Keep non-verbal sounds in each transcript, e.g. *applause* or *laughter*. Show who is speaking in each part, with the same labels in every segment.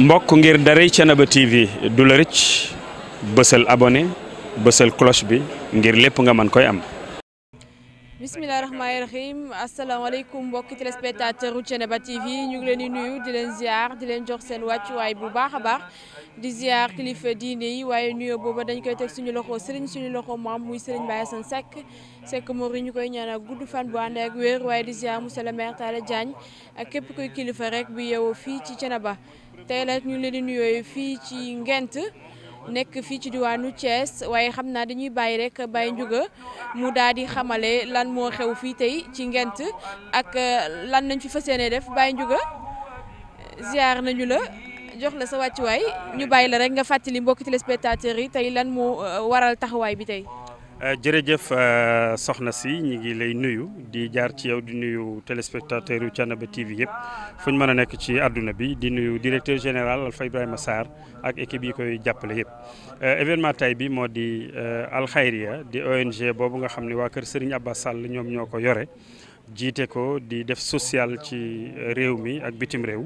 Speaker 1: mbokk ngir daray Thiénaba TV du la rëcc bësal abone bësal cloche bi ngir lépp nga mën koy am
Speaker 2: bisimilah rahmaani rahim asalaamaaleykum mbokki téléspectateur u Thiénaba TV ñu ngi leen di nuyu di leen ziar di leen jox seen wàccuwaay bu baax a baax di ziar kilifa diine yi waaye nuyo booba dañ koy teg suñu loxo sëriñ suñu loxo maam muy sëriñ Baye Assane Seck Seck Mori ñu koy ñaanal gudd fan bu ànd ak wér waaye di ziar monsieur le maire Talla ak képp kuy kilifa rek bu yeewoo fii ci Thiénaba tey la ñu leen di nuyooyu fii ci Ngent nekk fii ci diwaanu Thiès waaye xam naa dañuy bàyyi rek Baye Ndiouga mu daal di xamale lan moo xew fii tey ci Ngent ak euh, lan nañ fi fas yéene def Baye Ndiouga ziar nañu la jox la sa wàccuwaay ñu bàyyi la rek nga fàttali mbokki téléspectateurs yi tey lan moo euh, waral taxawaay bi tey.
Speaker 1: Euh, jërëjëf euh, soxna si ñu ngi lay nuyu di jaar ci yow di nuyu téléspectateur yu Thiénaba TV yëpp fu ñu mën a nekk ci àdduna bi di nuyu directeur général Alpha Ibrahima Sarr ak équipe yi koy jàppale yëpp. Euh, événement tay bi moo di Alxayria di ONG boobu nga xam ni waa kër Serigne Abba Sall ñoom ñoo ko yore jiite ko di def social ci réew mi ak bitim réew.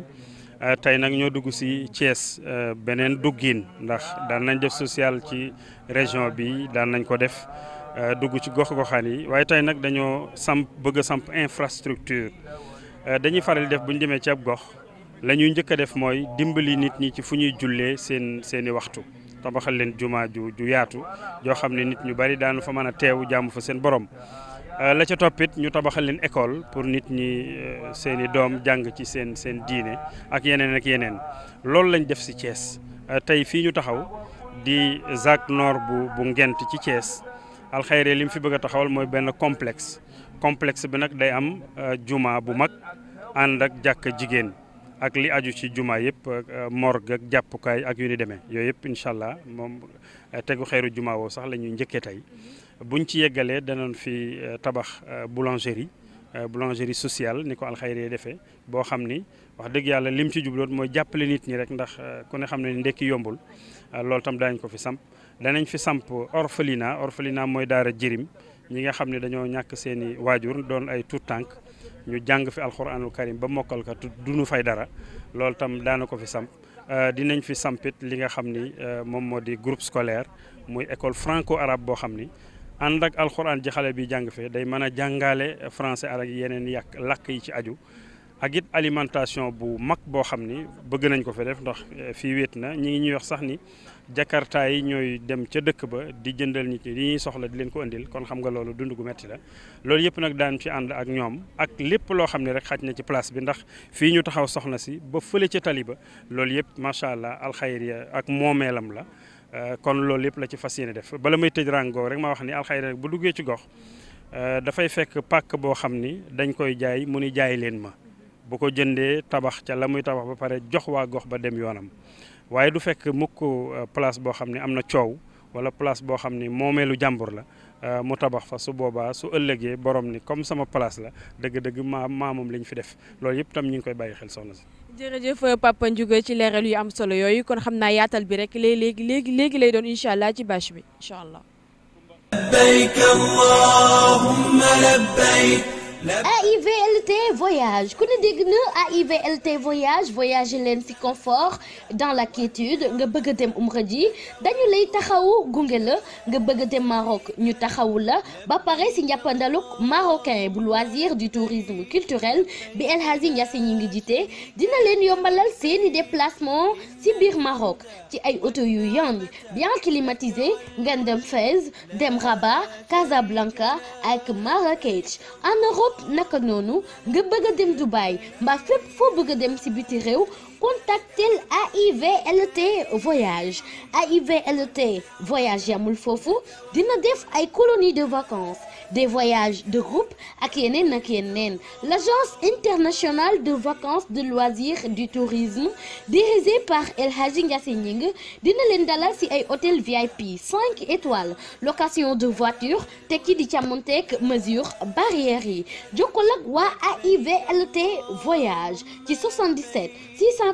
Speaker 1: Euh, tey nag ñoo dugg si Thiès euh, beneen duggiin ndax daan nañ def social ci région bi daan nañ ko def euh, dugg ci gox-goxaan yi waaye tey nag dañoo samp bëgg samp infrastructure dañuy faral def bu ñu demee ci ab gox la ñuy njëkk a def mooy dimbali nit ñi ci fu ñuy jullee seen seen i waxtu tabaxal leen jumaa ju ju yaatu joo xam ne nit ñu bari daanu fa mën a teew jaamu fa seen borom Euh, la ca toppit ñu tabaxal leen école pour nit ñi euh, seen i doom jàng ci seen seen diine ak yeneen ak yeneen loolu lañ def si cees euh, tey fii ñu taxaw di ZAC Nord bu bu Ngent ci cees alxayri li mu fi bëgg a taxawal mooy benn complexe complexe bi nag day am jumaa bu mag ànd ak jàkk jigéen ak li aju ci jumaa yëpp morgue ak jàppukaay ak yu ni demee yooyu yëpp incha allah moom tegu xeeru juma woo sax lañuy njëkkee tey bu buñ ci yeggalee danoon fi euh, tabax euh, boulangerie euh, boulangerie sociale ni ko alxayri defee boo xam ni wax dëgg yàlla lim ci jubloot mooy jàppale nit ñi rek ndax ku ne xam ne ndekki yombul loolu tam daañ ko fi samp danañ fi samp orphelinat orphelinat mooy daara jirim ñi xam ne dañoo ñàkk seen i waajur doon ay tuut tànk ñu jàng fi alxuraanul karim ba mokkal ka duñu fay dara loolu tam daana ko fi samp dinañ fi sampit li nga xam ni moom moo di groupe scolaire muy école franco arabe boo xam ni ànd ak alxuraan ji xale bi jàng fee day mën a jàngaale français ak yeneen yàq làkk yi ci aju ak it alimentation bu mag boo xam ni bëgg nañ ko fa def ndax eh, fii wéet na ñi ngi ñuy wax sax ni jakarta yi ñooy dem ca dëkk ba di jëndal nit ñi li ñuy soxla di leen ko indil kon xam nga loolu dund gu metti la loolu yëpp nag daan ci ànd ak ñoom ak lépp loo xam ne rek xaj na ci place bi ndax fii ñu taxaw soxna si ba fële ca tali ba loolu yëpp macha allah alxayriya ak moomeelam la Euh, kon loolu yëpp la ci fas yéene def bala may tëj rango rek ma wax ni alxayri rek bu duggee ci gox euh, dafay fekk pàkk boo xam ni dañ koy jaay mu ni jaay leen ma bu ko jëndee tabax ca la muy tabax ba pare jox waa gox ba dem yoonam waaye du fekk mukk euh, place boo xam ne am na coow wala place boo xam ni moomeelu jàmbur la mu tabax fa su boobaa su ëllëgee borom ni comme sama place la dëgg-dëgg maa maamoom li ñu fi def loolu yëpp tam ñu ngi koy bàyyi xel soxna si
Speaker 2: jërëjëf euh, Papa Ndiouga ci leeral yu am solo yooyu kon xam naa yaatal bi rek léegi léegi léegi lay doon incha allah ci bâche bi incha allah.
Speaker 3: labbayk allahumma labbayk
Speaker 2: AIVLT voyage ku ne dégg na AIVLT voyage voyager leen si confort dans la quiétude nga bëgg a dem umra ji dañu lay taxawu gunge la nga bëgg dem Maroc ñu taxawu la ba pare ci njàppandaluk marocain bu loisir du tourisme culturel bi El Hadji Niasse ñi ngi jiite dina leen yombalal seeni déplacement si biir Maroc ci ay auto yu yomb bien climatisé ngeen dem Fès dem Rabat Casablanca ak Marrakech en Europe naka noonu nga bëgg a dem Dubaï mbaa fépp foo bëgg a dem si biti réew contactel AIVLT voyage AIVLT voyage yamul foofu dina def ay colonies de vacances des voyages de groupe ak yeneen ak yeneen l'agence internationale de vacances de loisirs du tourisme dirigée par El Hadji Ngassi dina leen dalal ci ay hôtel VIP 5 étoiles location de voiture tekki di càmmonteeg mesure barrières yi jokkoo AIVLT voyage ci 77 600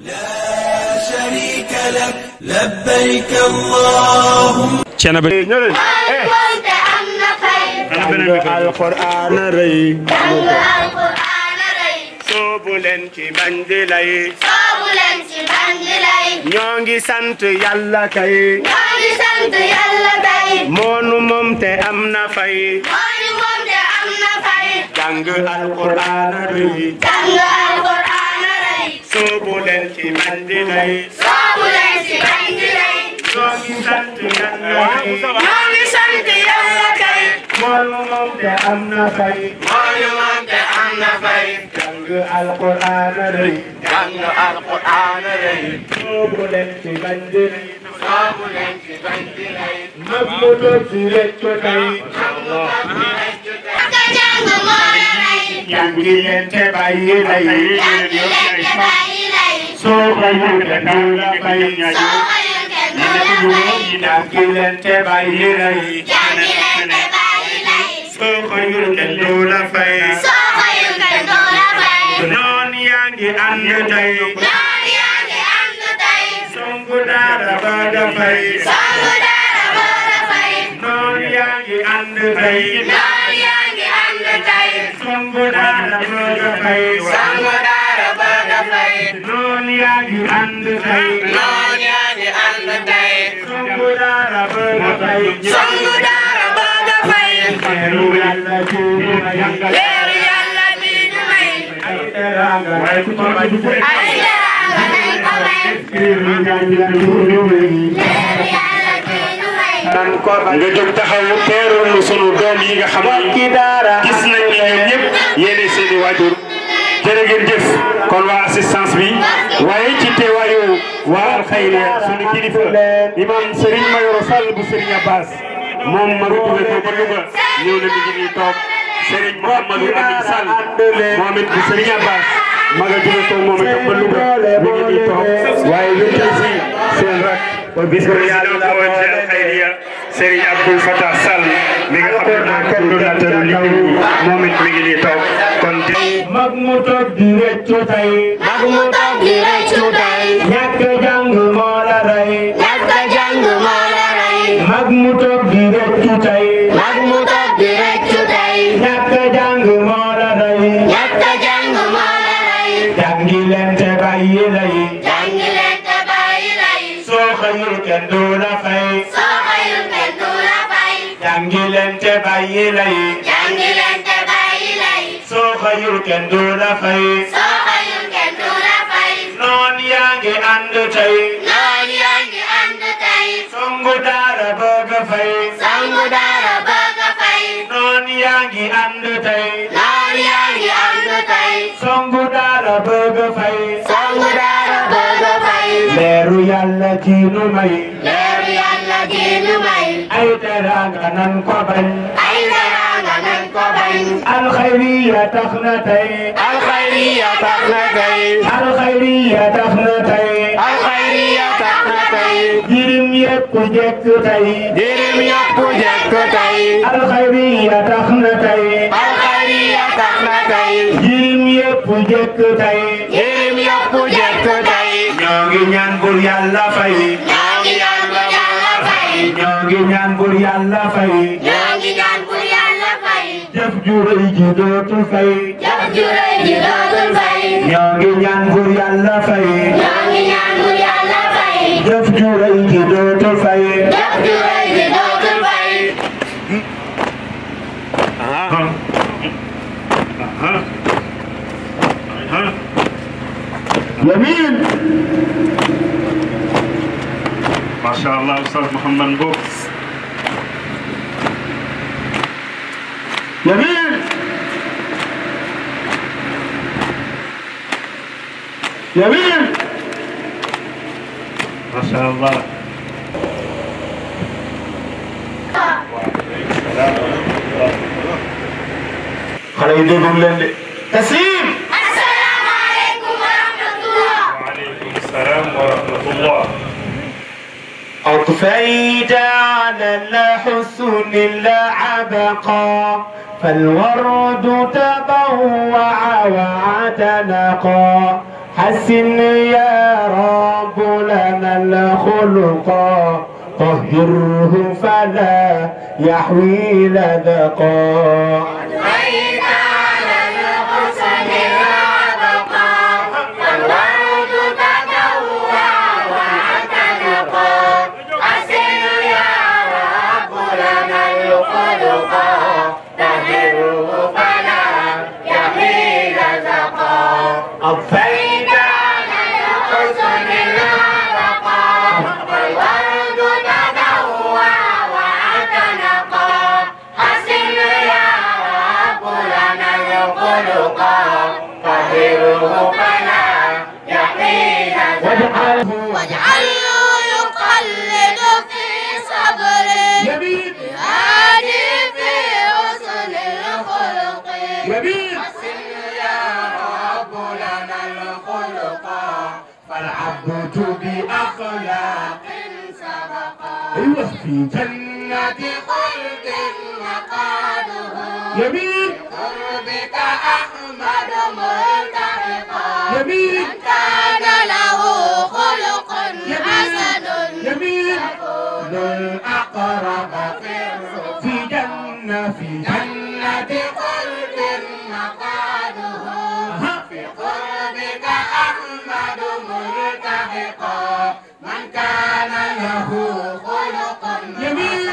Speaker 2: laa sharika
Speaker 4: lak labbayka allahumma cene ba ñëwee alquran rëy soobu leen ci bandi lay
Speaker 3: soobu leen ci bandi lay
Speaker 4: ñoo ngi sant yàlla kay ñoo ngi sant yàlla kay moonu moom te am na fay
Speaker 3: moonu moom te
Speaker 4: am na fay jàng alquran rëy jàng alquran soobu leen ci bandi lay soobu leen ci bandi lay ñoo ngi sant yàlla kay ñoo ngi sant yàlla kay moolu moom te am na fay moolu moom te am na fay jàng alquran rëy jàng alquran rëy soobu leen ci bandi lay soobu leen ci bandi lay mag mu doon ci reccu tey jàng leen te bàyyi lay jàng leen te bàyyi soobayude kawla bayñaƴo neɗɗuɗoɗiɗa killente bayirayi sookoyude dowla fay noon yangi annduday songudaɗa baɗa fay noon yangi annduday songudaɗa baɗa fay noon yaa ngi ànd tey. noon yaa ngi ànd tey. songu daara bëgg a fay. songu daara bëgg a fay. leeru yàlla ji ñu may. leeru yàlla ji ñu may. ay teraanga lay ko may. ay teraanga lay ko may. leeru yàlla ji ñu may. leeru yàlla ji ñu may. nga jóg taxaw teerul sunu doom yi nga xam ne. gis nañ ne ñoom ñëpp
Speaker 1: yéene seeni waajur. jërë ngeen jëf kon waa assistance bi waaye ci teewaayu waa Alxayriya sunu kilifa imam Serigne Mayoro Sall bu Serigne Abbas moom ma retrouvé ko ba Louga ñëw na mi ngi nii toog moom it bu Serigne Abbas ma nga jóge ko moom itam ba Louga mi ngi bu yaa doon awoon ci
Speaker 4: moom coordonnateur liggéey bi moom it mi ngi nii mag mu toog di rëccu tey mag mu toog di rëccu tey ñàkk jàng moo la rey ñàkk jàng moo la rey mag mu toog di rëccu tey mag mu toog di rëccu tey ñàkk jàng moo la rey ñàkk jàng moo la rey jàngi leen te bàyyi lay jàngi
Speaker 3: leen te bàyyi
Speaker 4: lay soo xëyul kenn du la fay soo
Speaker 3: xëyul kenn du la fay
Speaker 4: jàngi leen te bàyyi lay you can do the fight. Sooba you daara bëgg fay. Songu daara bëgg fay. Noon yaa ngi ànd tey. Noon yaa ngi nu may. Leeru yàlla ji nan ko bañ. الخيرية تخنتين الخيرية تخنتين الخيرية تخنتين الخيرية تخنتين جرم يكو جكتين جرم يكو جكتين الخيرية تخنتين الخيرية تخنتين جرم يكو جكتين جرم يكو جكتين نوغي نيان بور يالا فاي
Speaker 3: نوغي نيان بور يالا
Speaker 4: فاي نوغي نيان بور يالا فاي jëf ju rëy ji dootul fay. jëf ju rëy ji dootul fay. ñoo ngi ñaan Buur Yàlla fay. ñoo ngi ñaan Buur Yàlla fay. jëf ju rëy ji dootul fay. jëf ju rëy ji dootul fay.
Speaker 5: Yamin.
Speaker 1: macha allah Oustaz Mouhamed Mbow.
Speaker 6: Cemil!
Speaker 4: Maşallah.
Speaker 7: Xale yi déglu leen de.
Speaker 4: Taslim.
Speaker 3: asalaamaaleykum wa rahmatullah.
Speaker 7: waaleykum salaam
Speaker 4: wa rahmatullah. أطفيت على الحسن العبقى فالورد تبوع وعتنقا حسن يا رب لنا الخلق طهره فلا يحوي لدقا
Speaker 3: الكبير حسن يا
Speaker 4: رب لنا الخلق فالعبد بأخلاق سبقا أيوة في جنة خلد مقعده يمين قربك أحمد ملتحقا يمين من كان له
Speaker 3: خلق حسن يمين
Speaker 4: الأقرب في جنة في كان له خلق حسن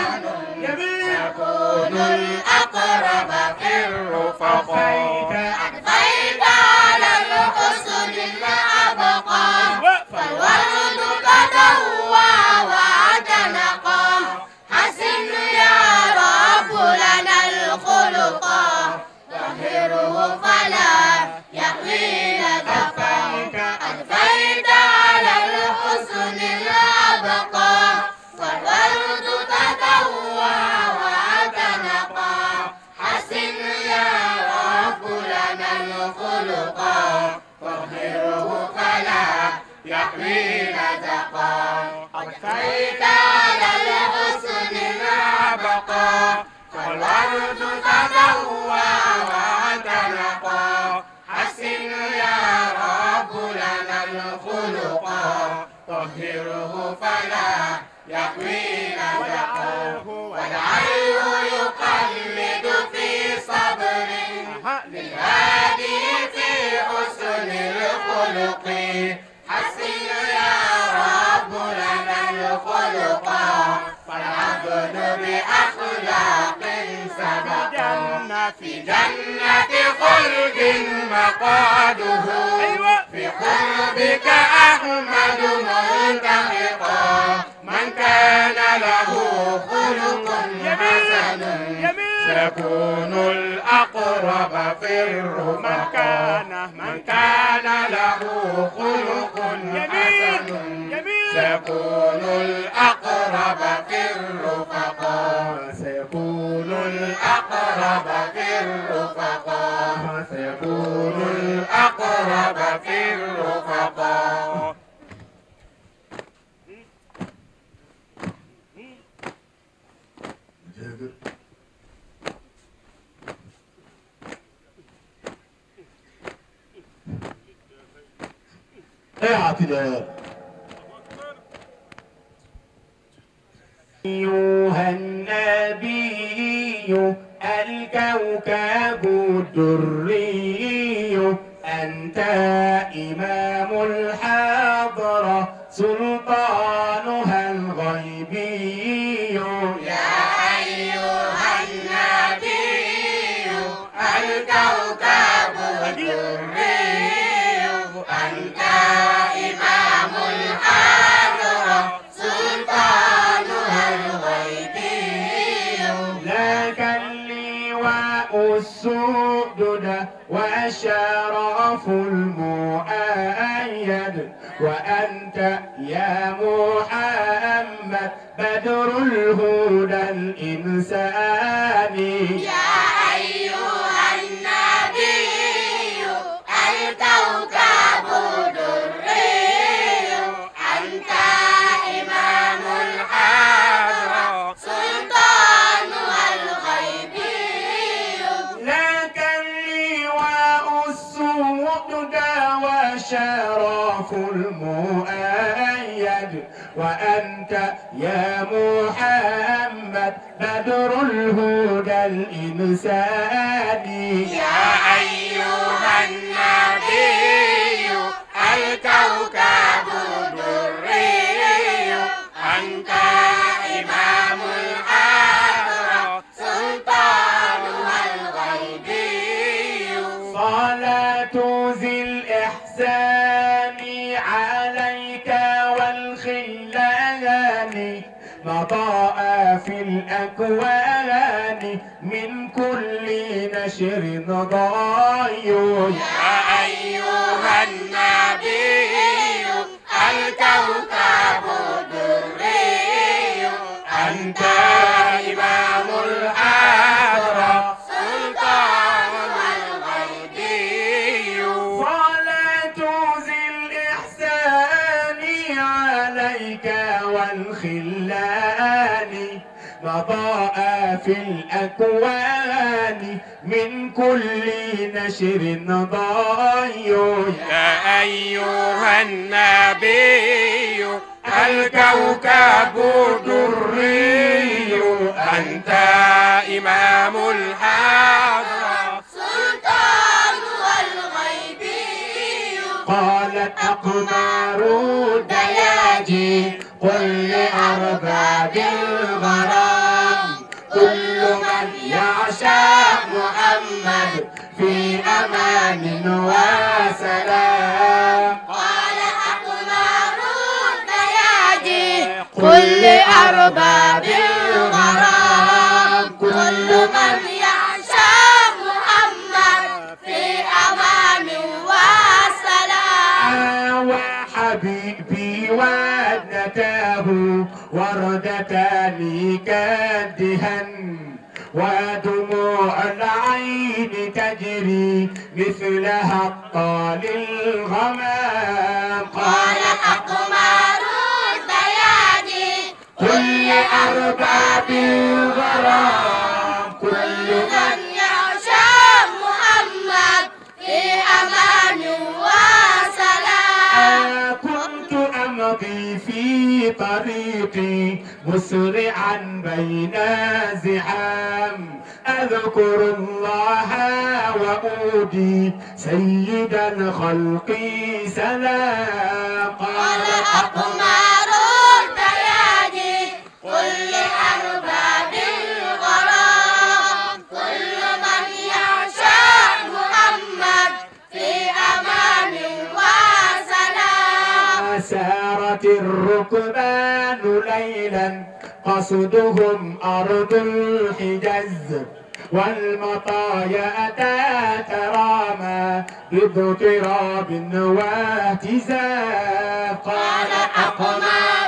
Speaker 4: تكون الأقرب في الرفقاء أضفيت على
Speaker 3: الحسن الأبقى فالوالد يحوي رزقا قد خيت على الحسن العبقا
Speaker 4: فالأرض تضوى وتنقى حسن يا رب لنا الخلقا طهره فلا يحوي رزقا والعين يقلد في صبر للهادي في حسن الخلق في جنة خلد مقعده في قربك أحمد منتحقا من كان له خلق حسن سيكون الأقرب في الرمق من كان له خلق حسن سيكون الأقرب في الرمق الأقرب في الرفقاء سيكون الأقرب في الرفقاء اعتدال أيها النبي الكوكب الدري أنت إمام الحاضرة سلطانها السدد وأشار المؤيد وأنت يا محمد بدر الهدى الإنساني يا محمد بدر الهدى الإنساني يا أيها الأوان من كل نشر ضاي يا أيها النبي الكوكب دري أنت في الأكوان من كل نشر ضايع يا أيها النبي الكوكب دري أنت إمام الحضرة سلطان الغيبي قالت أقمار دياجي قل لأرباب الغرام مولاه محمد في أمان وسلام قال أقمار
Speaker 3: البيادي كل أرباب الغرام
Speaker 4: كل من
Speaker 3: يعشى محمد في أمان وسلام
Speaker 4: وحبيبي وابنته وردتان كالدهن ودموع العين تجري مثلها الطال الغمام قال أقمار
Speaker 3: البيادي
Speaker 4: قل لأرباب
Speaker 3: الغرام كل من يعشى محمد في أمان وسلام
Speaker 4: كنت أمضي في طريقي مسرعا بين زحام أذكر الله وأودي سيد الخلق سلاقا قال أقمار
Speaker 3: البيادي قل
Speaker 4: ضاقت الركبان ليلا قصدهم أرض الحجاز والمطايا أتى تراما اضطراب واهتزاقا قال أقمار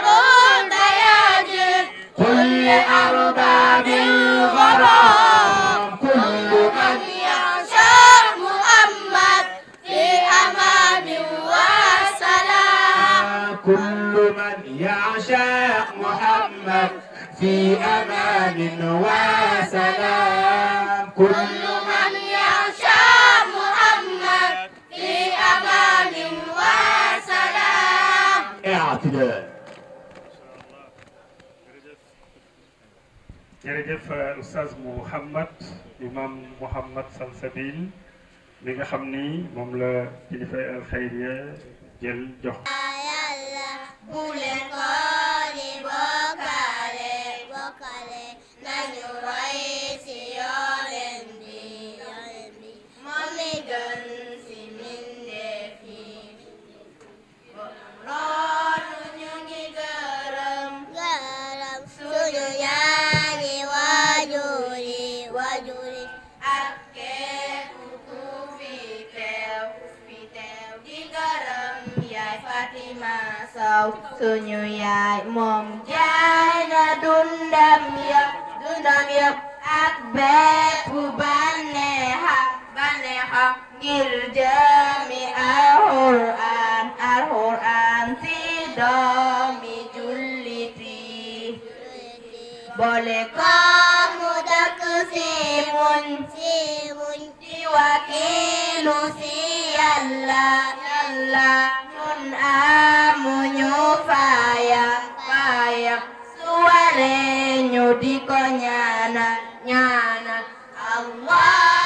Speaker 4: في أمان وسلام كل من
Speaker 3: يخشى محمد في أمان وسلام
Speaker 4: اعتدال jërëjëf
Speaker 1: Oustaz Mouhamad imam Mouhamad Salsabil mi nga xam ni moom la kilifa alxayriya jël jox.
Speaker 3: kalé, nañu way si yonen bi moom mi gën si mbindeef yi yow yaay moom jaay na dundam yëpp dundam yëpp ak bépp bànneexa bànneexa ngir jëmi alxuraan alxuraan si doomi julliti boole ko mu dëkk si muñ si muñ di wakiilu si yàlla yàlla amuñu faaya faaya suware ñu di ko ñaana ñaana Allah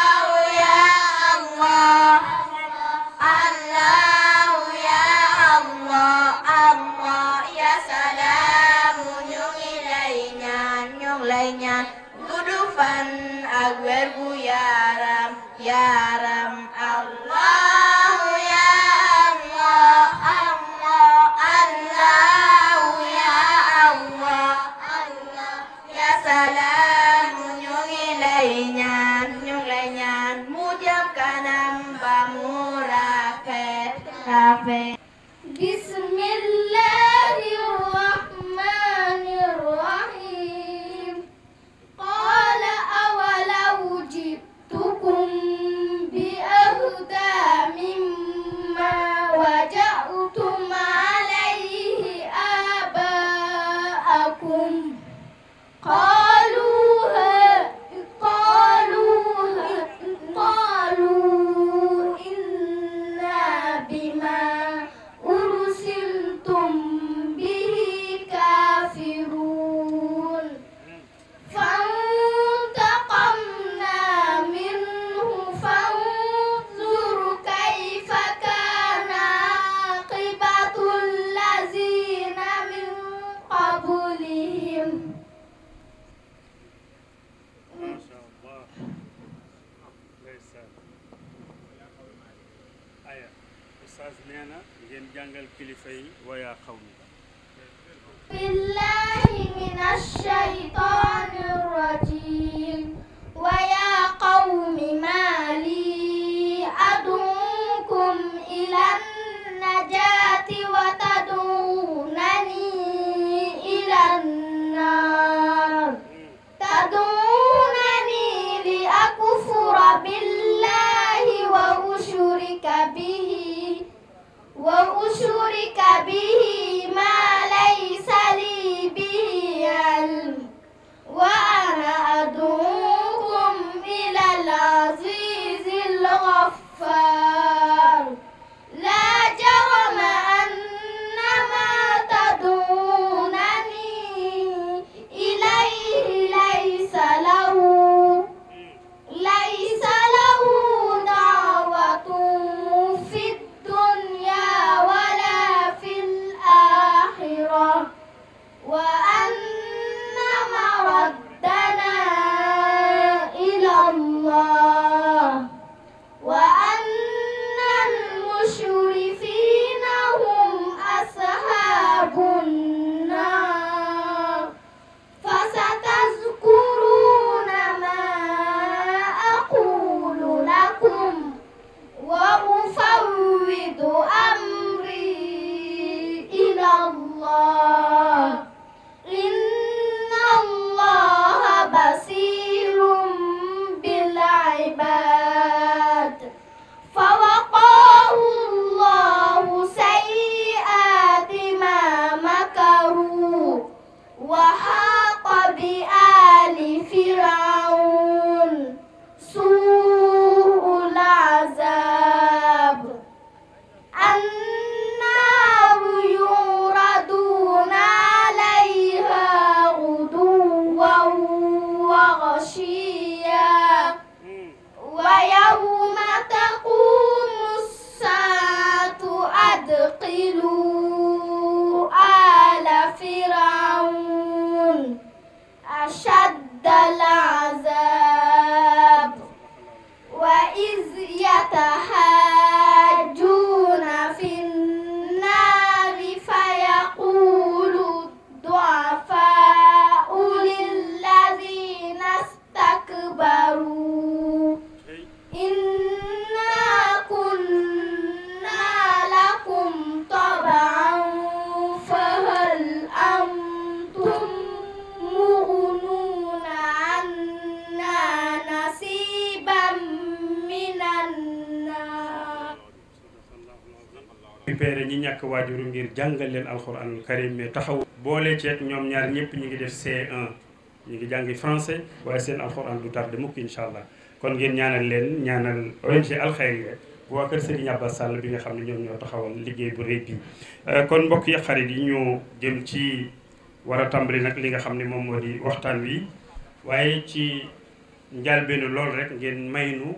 Speaker 1: jàngal kilifa yi wayaa xaw mi ñi ñàkk waajuru ngir jàngal leen alxuraanul karim mais taxaw boole ceeg ñoom ñaar ñëpp ñu ngi def C1 ñu ngi jàngi français waaye seen alxuraan du tardé mukk incha allah kon ngeen ñaanal leen ñaanal ONG alxayriya boo waa kër Serigne Abbas Sall bi nga xam ne ñoom ñoo taxawal liggéey bu rëy bi euh, kon mbokk yi xarit yi ñu jëm ci war a tàmbali nag li nga xam ne moom moo di waxtaan wi waaye ci njàlbeenu lool rek ngeen may nu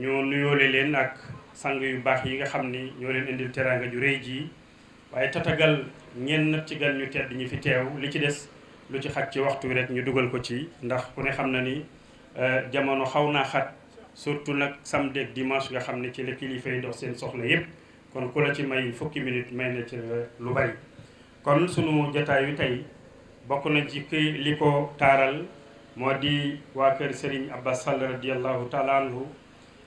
Speaker 1: ñoo nuyoole leen ak sang yu baax yi nga xam ni ñoo leen indil teraanga ju rëy jii waaye tatagal ñenn ci gan ñu tedd ñi fi teew li ci des lu ci xat ci waxtu wi rek ñu dugal ko ci ndax ku ne xam na ni euh, jamono xaw naa xat surtout nag samedi ak dimanche nga xam ne ci la kilifa yi dox seen soxla yépp kon ku la ci may fukki minute may na ci lu bari kon sunu jotaayu tey bokk na ci li ko taaral moo di waa kër Serigne Abbas Sall radiyallahu taala anhu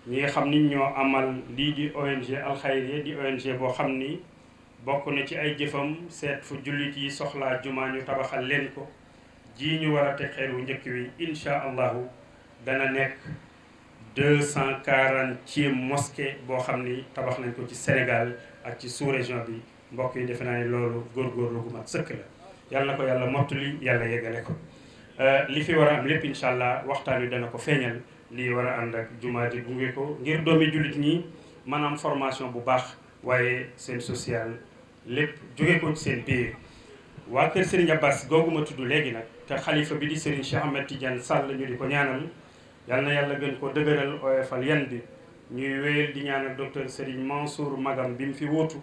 Speaker 1: ñi nga xam ni ñoo amal lii di ONG alxayriya di ONG boo xam ni bokk na ci ay jëfam seet fu jullit yi soxlaa jumaa ñu tabaxal leen ko ji ñu war a teg xeer njëkk wi incha allahu dana nekk deux cent quarantième mosquée boo xam ni tabax nañ ko ci Sénégal ak ci sous-région bi mbokk yi defe naa ne loolu góor gu mat sëkk la yàlla na ko yàlla li yàlla yeggale ko euh, li fi war a am lépp incha allah waxtaan wi dana ko feeñal lii war a ànd ak jumaa di gunge ko ngir doomi jullit ñi maanaam formation bu baax waaye seen social lépp jóge ko ci seen biir waa kër Serigne Abbas googu tudd léegi nag te xalifa bi di Serigne Cheikh Ahmed Tidiane ñu di ko ñaanal yal na yàlla gën ko dëgëral oyofal yan bi ñuy wéyal di ñaanal docteur Serigne Mansour Magam bi mu fi wóotu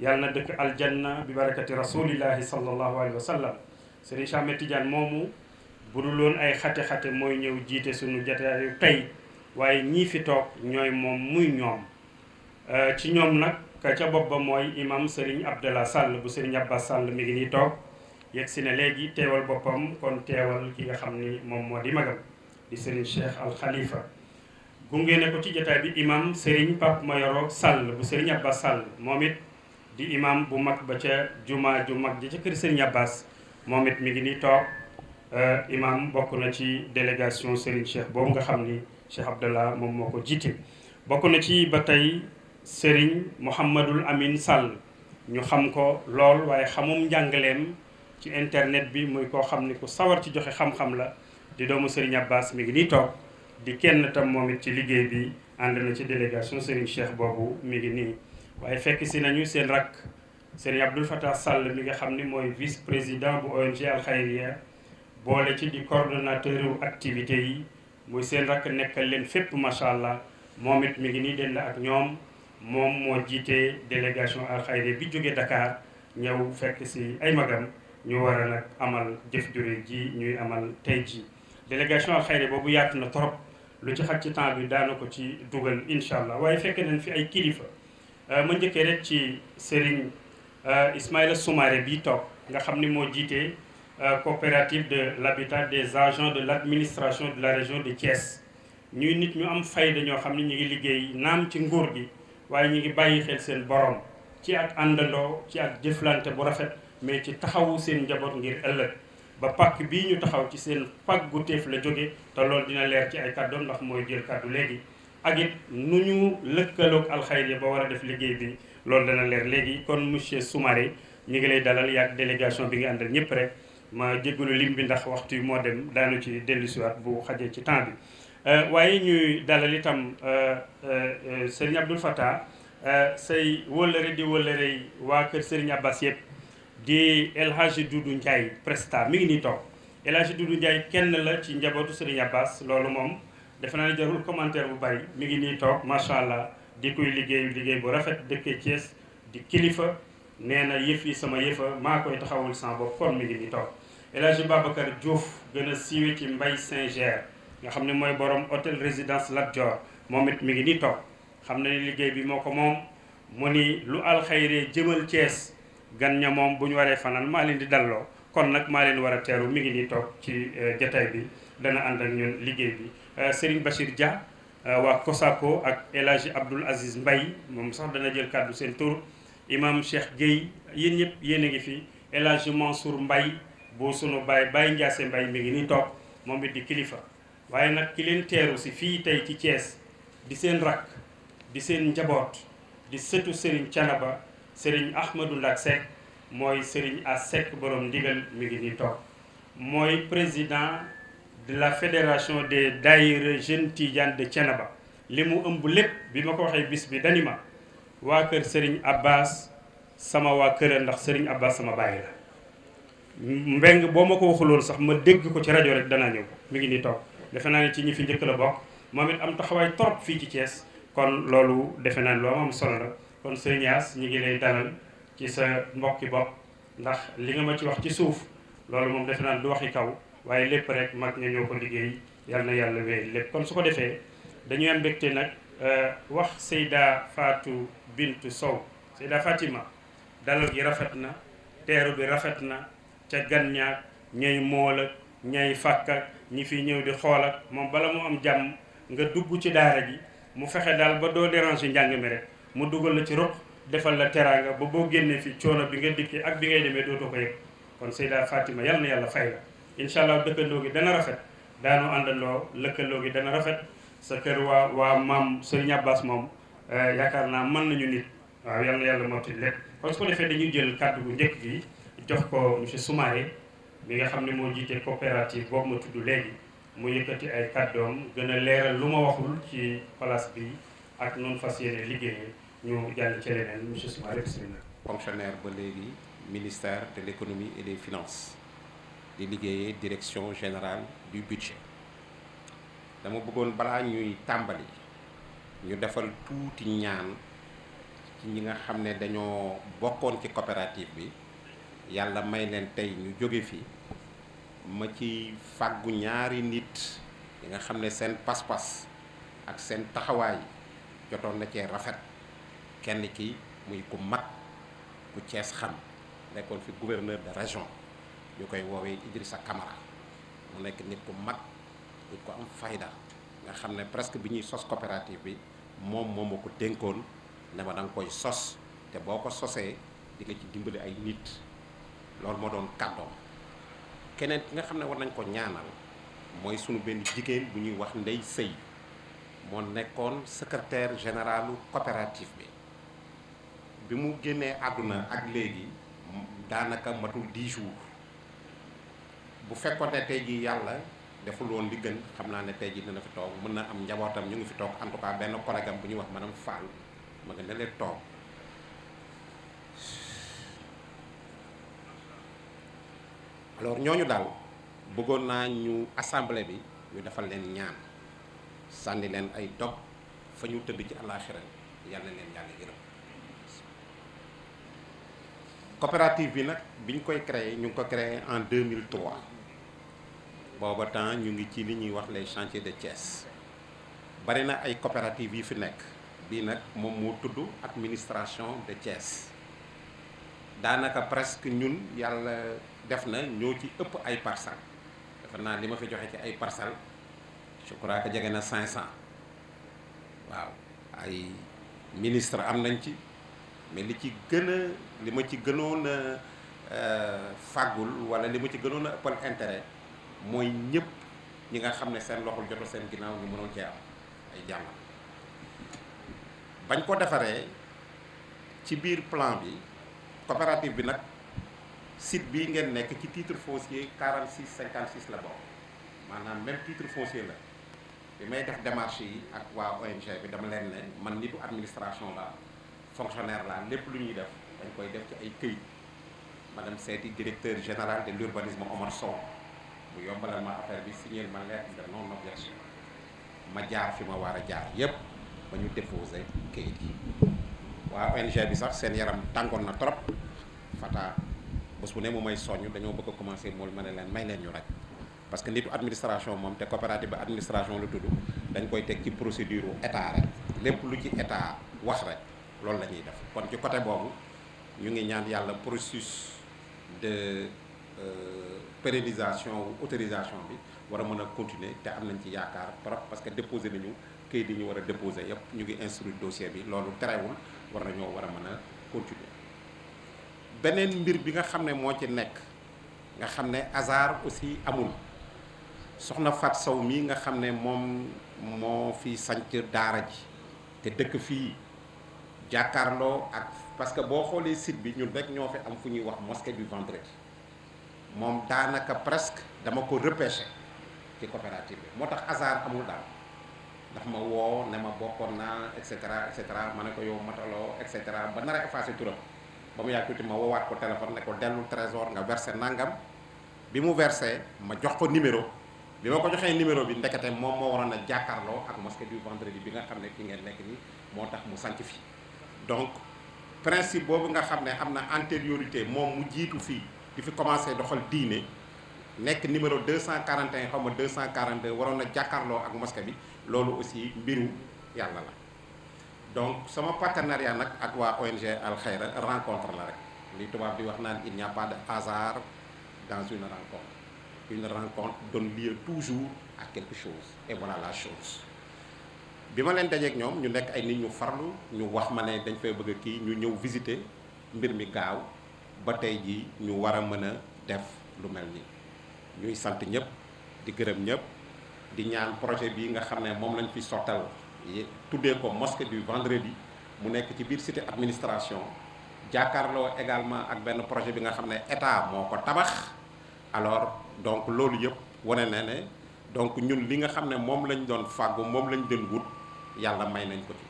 Speaker 1: yàlla na dëkk aljanna bi barakati rasulillahi sallallahu alayhi sallam Serigne Cheikh Ahmed moomu bu dul woon ay xate-xate mooy ñëw jiite suñu jataayu tey waaye ñii fi toog ñooy moom muy ñoom euh, ci ñoom nag ka ca bopp ba mooy imam Serigne Abdallah sàll bu Serigne Abbas Sall mi ngi nii toog yegg si ne léegi teewal boppam kon teewal ki nga xam moom moo di magam di Serigne Cheikh Al Khalifa ci jataay bi imam Serigne Pape Mayoro Sall bu moom it di imaam bu mag ba ca jumaa ju mag ja ca kër Serigne Abbas moom it mi ngi nii toog Euh, imam bokk na ci délégation Serigne Cheikh boobu nga xam ni Cheikh Abdallah moom moo ko jiite bokk na ci ba tey Serigne Mouhamadul Amin Sall ñu xam ko lool waaye xamum njàngaleem ci internet bi muy koo xam ni ku sawar ci joxe xam-xam la di doomu Serigne Abbas mi ngi nii toog di kenn tam moom ci liggéey bi ànd na ci délégation Serigne Cheikh boobu mi ngi nii waaye fekk si nañu seen rakk Serigne Abdoul Fattah Sall mi nga xam ni mooy vice président bu ONG Al boole ci di coordonnateur wu activité yi muy seen rakk nekkal leen fépp macha allah moom it mi ngi nii dend ak ñoom moom moo jiitee délégation alxayri bi jóge Dakar ñëw fekk si ay magam ñu war a nag amal jëf jure ji ñuy amal tey ji délégation alxayri boobu yaatu na torop lu ci xat ci temps bi daana ko ci dugal incha allah waaye fekk nañ fi ay kilifa euh, ma njëkkee rek ci Serigne euh, Ismaïla Soumaré bii toog nga xam ni moo jiitee Euh, coopérative de l'habitat des agents de l'administration de la région de Thiès ñuy nit ñu am fayda ñoo xam ne ñu ngi liggéey naam ci nguur gi waaye ñu ngi bàyyi xel seen borom ci ak àndandoo ci ak jëflante bu rafet mais ci taxawu seen njaboot ngir ëllëg ba pàkk bii ñu taxaw ci seen pàggu la jóge te loolu dina leer ci ay kàddoom ndax mooy jël kàddu léegi ak it nu ñu lëkkaloog alxayri ba war a def liggéey bi loolu dana leer léegi kon monsieur Soumaré ñu ngi lay dalal délégation bi nga ñëpp rek ma jéggalu lim bi ndax waxtu yi moo dem daanu ci dellusiwaat bu xajee ci temps bi euh, waaye ñuy dalal itam euh, euh, Serigne Abdoul Fattah say wëllëre di wëllëre waa kër Serigne Abbas yëpp di El Presta mi ngi nii toog El Hadji Doudou Ndiaye kenn la ci njabootu Serigne Abbas loolu moom defe naa ne jarul commentaire bu bari mi ngi nii toog macha allah di kuy liggéeyu liggéey bu rafet dëkkee Thiès di kilifa nee na yëf yi sama yëfa maa koy taxawul sans bopp kon mi ngi nii toog. El Hadj Babacar Diouf gën a siiwe ci Mbaye saint nga xam ne mooy borom hôtel résidence Lat Dior moom it mi ngi nii toog xam na ne liggéey bi moo ko moom mu ni lu alxayree jëmal Thiès gan ña moom bu ñu waree fanaan maa leen di dalloo kon nag maa leen war a teeru mi ngi nii toog ci euh, jataay bi dana ànd ak ñun liggéey bi euh, Serigne Bachir Dia euh, waa kosako ak El Hadj Abdoul Aziz mbay moom sax dana jël kàddu seen tur imam Cheikh Guèye yéen ñëpp yéen a ngi fi El Hadj Mansour Mbaye boo sunu baay Baye Ndiassé mbay mi ngi ni toog moom it di kilifa waaye nag ki leen teeru si fii tey ci Thiès di seen rakk di seen njaboot di sëtu Serigne Thiénaba Serigne Ahmadou Ndak Seck mooy Serigne As Seck borom ndigal mi ngi ni toog mooy président de la fédération des daïra jeunes Tidiane de Thiénaba li mu ëmb lépp bi ma ko waxee bis bi dani ma waa kër Serigne Abbas sama waa këra ndax Serigne Abbas sama bàyyi la mbeng boo ma ko waxuloon sax ma dégg ko ci rajo rek danaa ñëw mi ngi nii toog defe naa ne ci ñi fi njëkk la bokk moom it am taxawaay trop fii ci Thiès kon loolu defe naan ne lu am solo la kon sëriñ Yaas ñi ngi lay dalal ci sa mbokki bopp ndax li nga ma ci wax ci suuf loolu moom defe naa du waxi kaw waaye lépp rek mag ña ñoo ko liggéey yal na yàlla wéy lépp kon su ko defee dañuy am mbégte nag euh, wax faatu bint soow Sow Seyda ma dalal gi rafet na teeru bi rafet na ca ganñaak ñay mool ak ñay fàkk ak ñi fi ñëw di xool moom bala mu am jàmm nga dugg ci daara ji mu fexe daal ba doo déranger njàng mi rek mu dugal la ci ruq defal la teraanga ba boo génnee fi coono bi nga dikkee ak bi ngay demee dootoo ko yëg kon Seyda Fatima yal na yàlla fay la incha allah dëkkandoo gi dana rafet daanu àndandoo lëkkandoo gi dana rafet sa kër waa waa maam Serigne Abbas moom eh, yaakaar naa mën nañu nit waaw yal na yàlla moytuñ lépp kon jox ko monsieur Soumaré mi nga xam ne moo jiite coopérative boobu ma tudd léegi mu yëkkati ay kàddoom gën a leeral lu ma waxul ci place bi ak noonu fas yéene liggéeyee ñu jàll ci leneen monsieur Soumaré bismillah
Speaker 8: fonctionnaire ba léegi ministère de l'économie et des finances di liggéeyee direction général du budget dama bëggoon balaa ñuy tàmbali ñu defal tuuti ñaan ci ñi nga xam ne dañoo bokkoon ci coopérative bi yàlla may leen tey ñu jóge fi ma ci fàggu ñaari nit yi nga xam ne seen pas-pas ak seen taxawaay jotoon na cee rafet kenn ki muy ku mag ku Cees xam nekkoon fi gouverneur de région ñu koy woowee sa Camara mu nekk nit ku mag nit ku am fayda nga xam ne presque bi ñuy sos coopérative bi moom moom ma ko dénkoon ne ma da koy sos te boo ko sosee dinga ci dimbali ay nit loolu moo doon kàddoom keneen ki nga xam ne war nañ ko ñaanal mooy sunu benn jigéen bu ñuy wax Ndeye Seye moo nekkoon secrétaire généralu coopérative bi bi mu génnee àdduna ak léegi daanaka matul 10 jours bu fekkoon ne tey jii yàlla deful woon li gën xam naa ne tey jii dina fi toog mën na am njabootam ñu ngi fi toog en tout cas benn collègue am bu ñuy wax madame Fall ma nga ne leen toog ñoo ñu daal bëggoon naa ñu assemblée bi ñu defal leen ñaan sànni leen ay dog fa ñu tëdd ci àllaaxira yàlla na leen yàlla yërëm coopérative bi nag biñ koy créé ñu ngi ko créé en 2003 booba temps ñu ngi ci li ñuy wax les chantiers de Thiès bari na ay coopératives yi fi nekk bii nag moom moo tudd administration de Thiès daanaka presque ñun yàlla. def na ñoo ci ëpp ay parcelles dafa naa li ma fi joxe ci ay parcelles je crois que jege na 500 waaw ay ministre am nañ ci mais li ci gën a li ma ci gënoon a euh, fàggul wala li ma ci gënoon a ëppal intérêt mooy ñëpp ñi nga xam ne seen loxol joto seen ginnaaw ñu mënul cee am ay jàmm bañ koo defaree ci biir plan bi coopérative bi nag. site bii ngeen nekk ci titre foncier 46 56 la bokk maanaam même titre foncier la bi may def démarche yi ak waa ONG bi dama leen ne man nitu administration la fonctionnaire laa lépp lu ñuy def dañ koy def ci ay këyit ma dem seeti directeur général de l'urbanisme Omar Sow mu yombalal ma affaire bi signé ma lettre de non objection ma jaar fi ma war a jaar yépp ba ñu déposé këyit yi waa ONG bi sax seen yaram tàngoon na trop fata bés bu ne mu may soññ dañoo bëgg a commencé mool ma ne leen may leen ñu rek parce que nitu administration moom te coopérative ba administration la tudd dañ koy teg ci procédure état rek lépp lu ci état wax rek loolu la ñuy def kon ci côté boobu ñu ngi ñaan yàlla processus de euh, pérennisation wu autorisation bi war a mën a continuer te am nañ ci yaakaar trop parce que déposé nañu kayit yi ñu war a déposé yëpp ñu ngi instruire dossier bi loolu terewul war nañoo war a mën a continuer beneen mbir bi nga xam ne moo ci nekk nga xam ne hasard aussi amul soxna Fat Sow mii nga xam ne moom moo fi sanc daara ji te dëkk fii jàkkaarloo ak parce que boo xoolee sit bi ñun rek ñoo fi am fu ñuy wax mosquée bi vendredi moom daanaka presque dama ko repêché ci coopérative bi moo tax hasard amul daal ndax ma woo ne ma bokkoon naa et cetera et cetera ma ne ko yow mataloo et cetera ba nar a effacé ba mu yàgg tuuti ma woowaat ko téléphone ne ko dellul trésor nga versé nangam bi mu versé ma jox ko numéro bi ma ko joxee numéro bi ndekete moom moo waroon a jàkkaarloo ak mosquée du bi nga xam ne fi ngeen nekk ni moo tax mu sanc fi donc principe boobu nga xam ne am na antériorité moom mu jiitu fii di fi commencé doxal diine nekk numéro 241 xaw ma 242 waroon a jàkkaarloo ak mosquée bi loolu aussi mbiru yàlla la donc sama partenariat nag ak waa ONG Al Khayra rencontre la rek li tubaab di wax naan il n'y a pas de hasard dans une rencontre une rencontre donne lieu toujours à quelque chose et voilà la chose bi ma leen dajeek ñoom ñu nekk ay nit ñu farlu ñu wax ma ne dañ fay bëgg kii ñu ñëw visiter mbir mi gaaw ba tey jii ñu war a mën a def lu mel ni ñuy sant ñëpp di gërëm ñëpp di ñaan projet bii nga xam ne moom lañ fi sottal tuddee ko mosquée du vendredi mu nekk ci biir cité administration jàkkaarloo également ak benn projet bi nga xam ne état moo ko tabax alors donc loolu yëpp wane na ne donc ñun li nga xam ne moom lañ doon fàggu moom lañ doon wut yàlla may nañ ko ci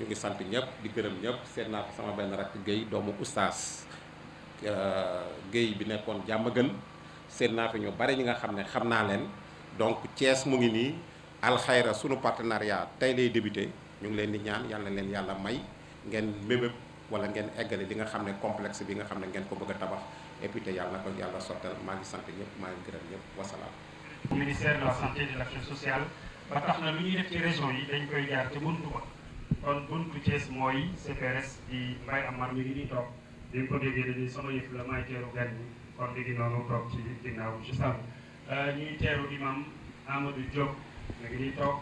Speaker 8: ñu ngi sant ñëpp di gërëm ñëpp seet naa ko sama benn rakk Guèye doomu oustaz euh, Guèye bi nekkoon jàmm gën seet naa fi ñu bari ñi nga xam ne xam naa leen donc Thiès mu ngi nii alxayra sunu partenariat tey lay débuté ñu ngi leen di ñaan yàlla leen yàlla may ngeen mébéb wala ngeen eggale li nga xam ne complexe bi nga xam ne ngeen ko bëgg a tabax et puis te yàlla na yàlla sottal maa ngi sant ñëpp maa ngi gërëm ñëpp wasalaam. ministère de la santé
Speaker 1: et de yi dañ koy jaar te buntu ba kon buntu Thiès mooy CPRS di Mbaye Amar mi ngi nii toog di ko déggee dañuy sama yëf la may teeru gan yi kon léegi noonu toog ci ginnaaw ci sàmm euh, ñuy teeru imam Amadou Diop mi ngi nii toog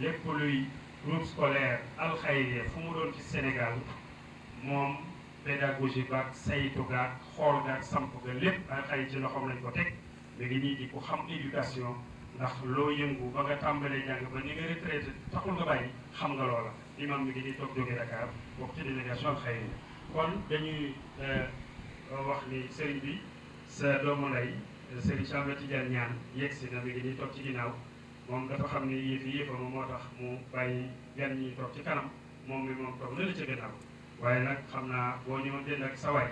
Speaker 1: lépp luy. groupe scolaire alxayriya fu mu doon ci Sénégal moom pédagogie ba ak saytu ak xool ga ak samp ga lépp alxay ci loxoom lañ ko teg mais ngi nii di ko xam éducation ndax loo yëngu ba nga tàmbalee jàng ba ni nga retraité taxul nga bàyyi xam nga loola imam mi ngi nii toog jóge Dakar bokk ci délégation alxayriya kon dañuy euh, wax ni sëriñ bi sa doomu ndey sëriñ Cheikh Tidiane Niane yegg si na mi ngi nii toog ci ginnaaw moom dafa xam ne yéefi yéefam moo tax mu bàyyi gan ñi toog ci kanam moom mi moom toog na la ca gannaaw waaye nag xam naa boo ñëwoon dend ak sawaay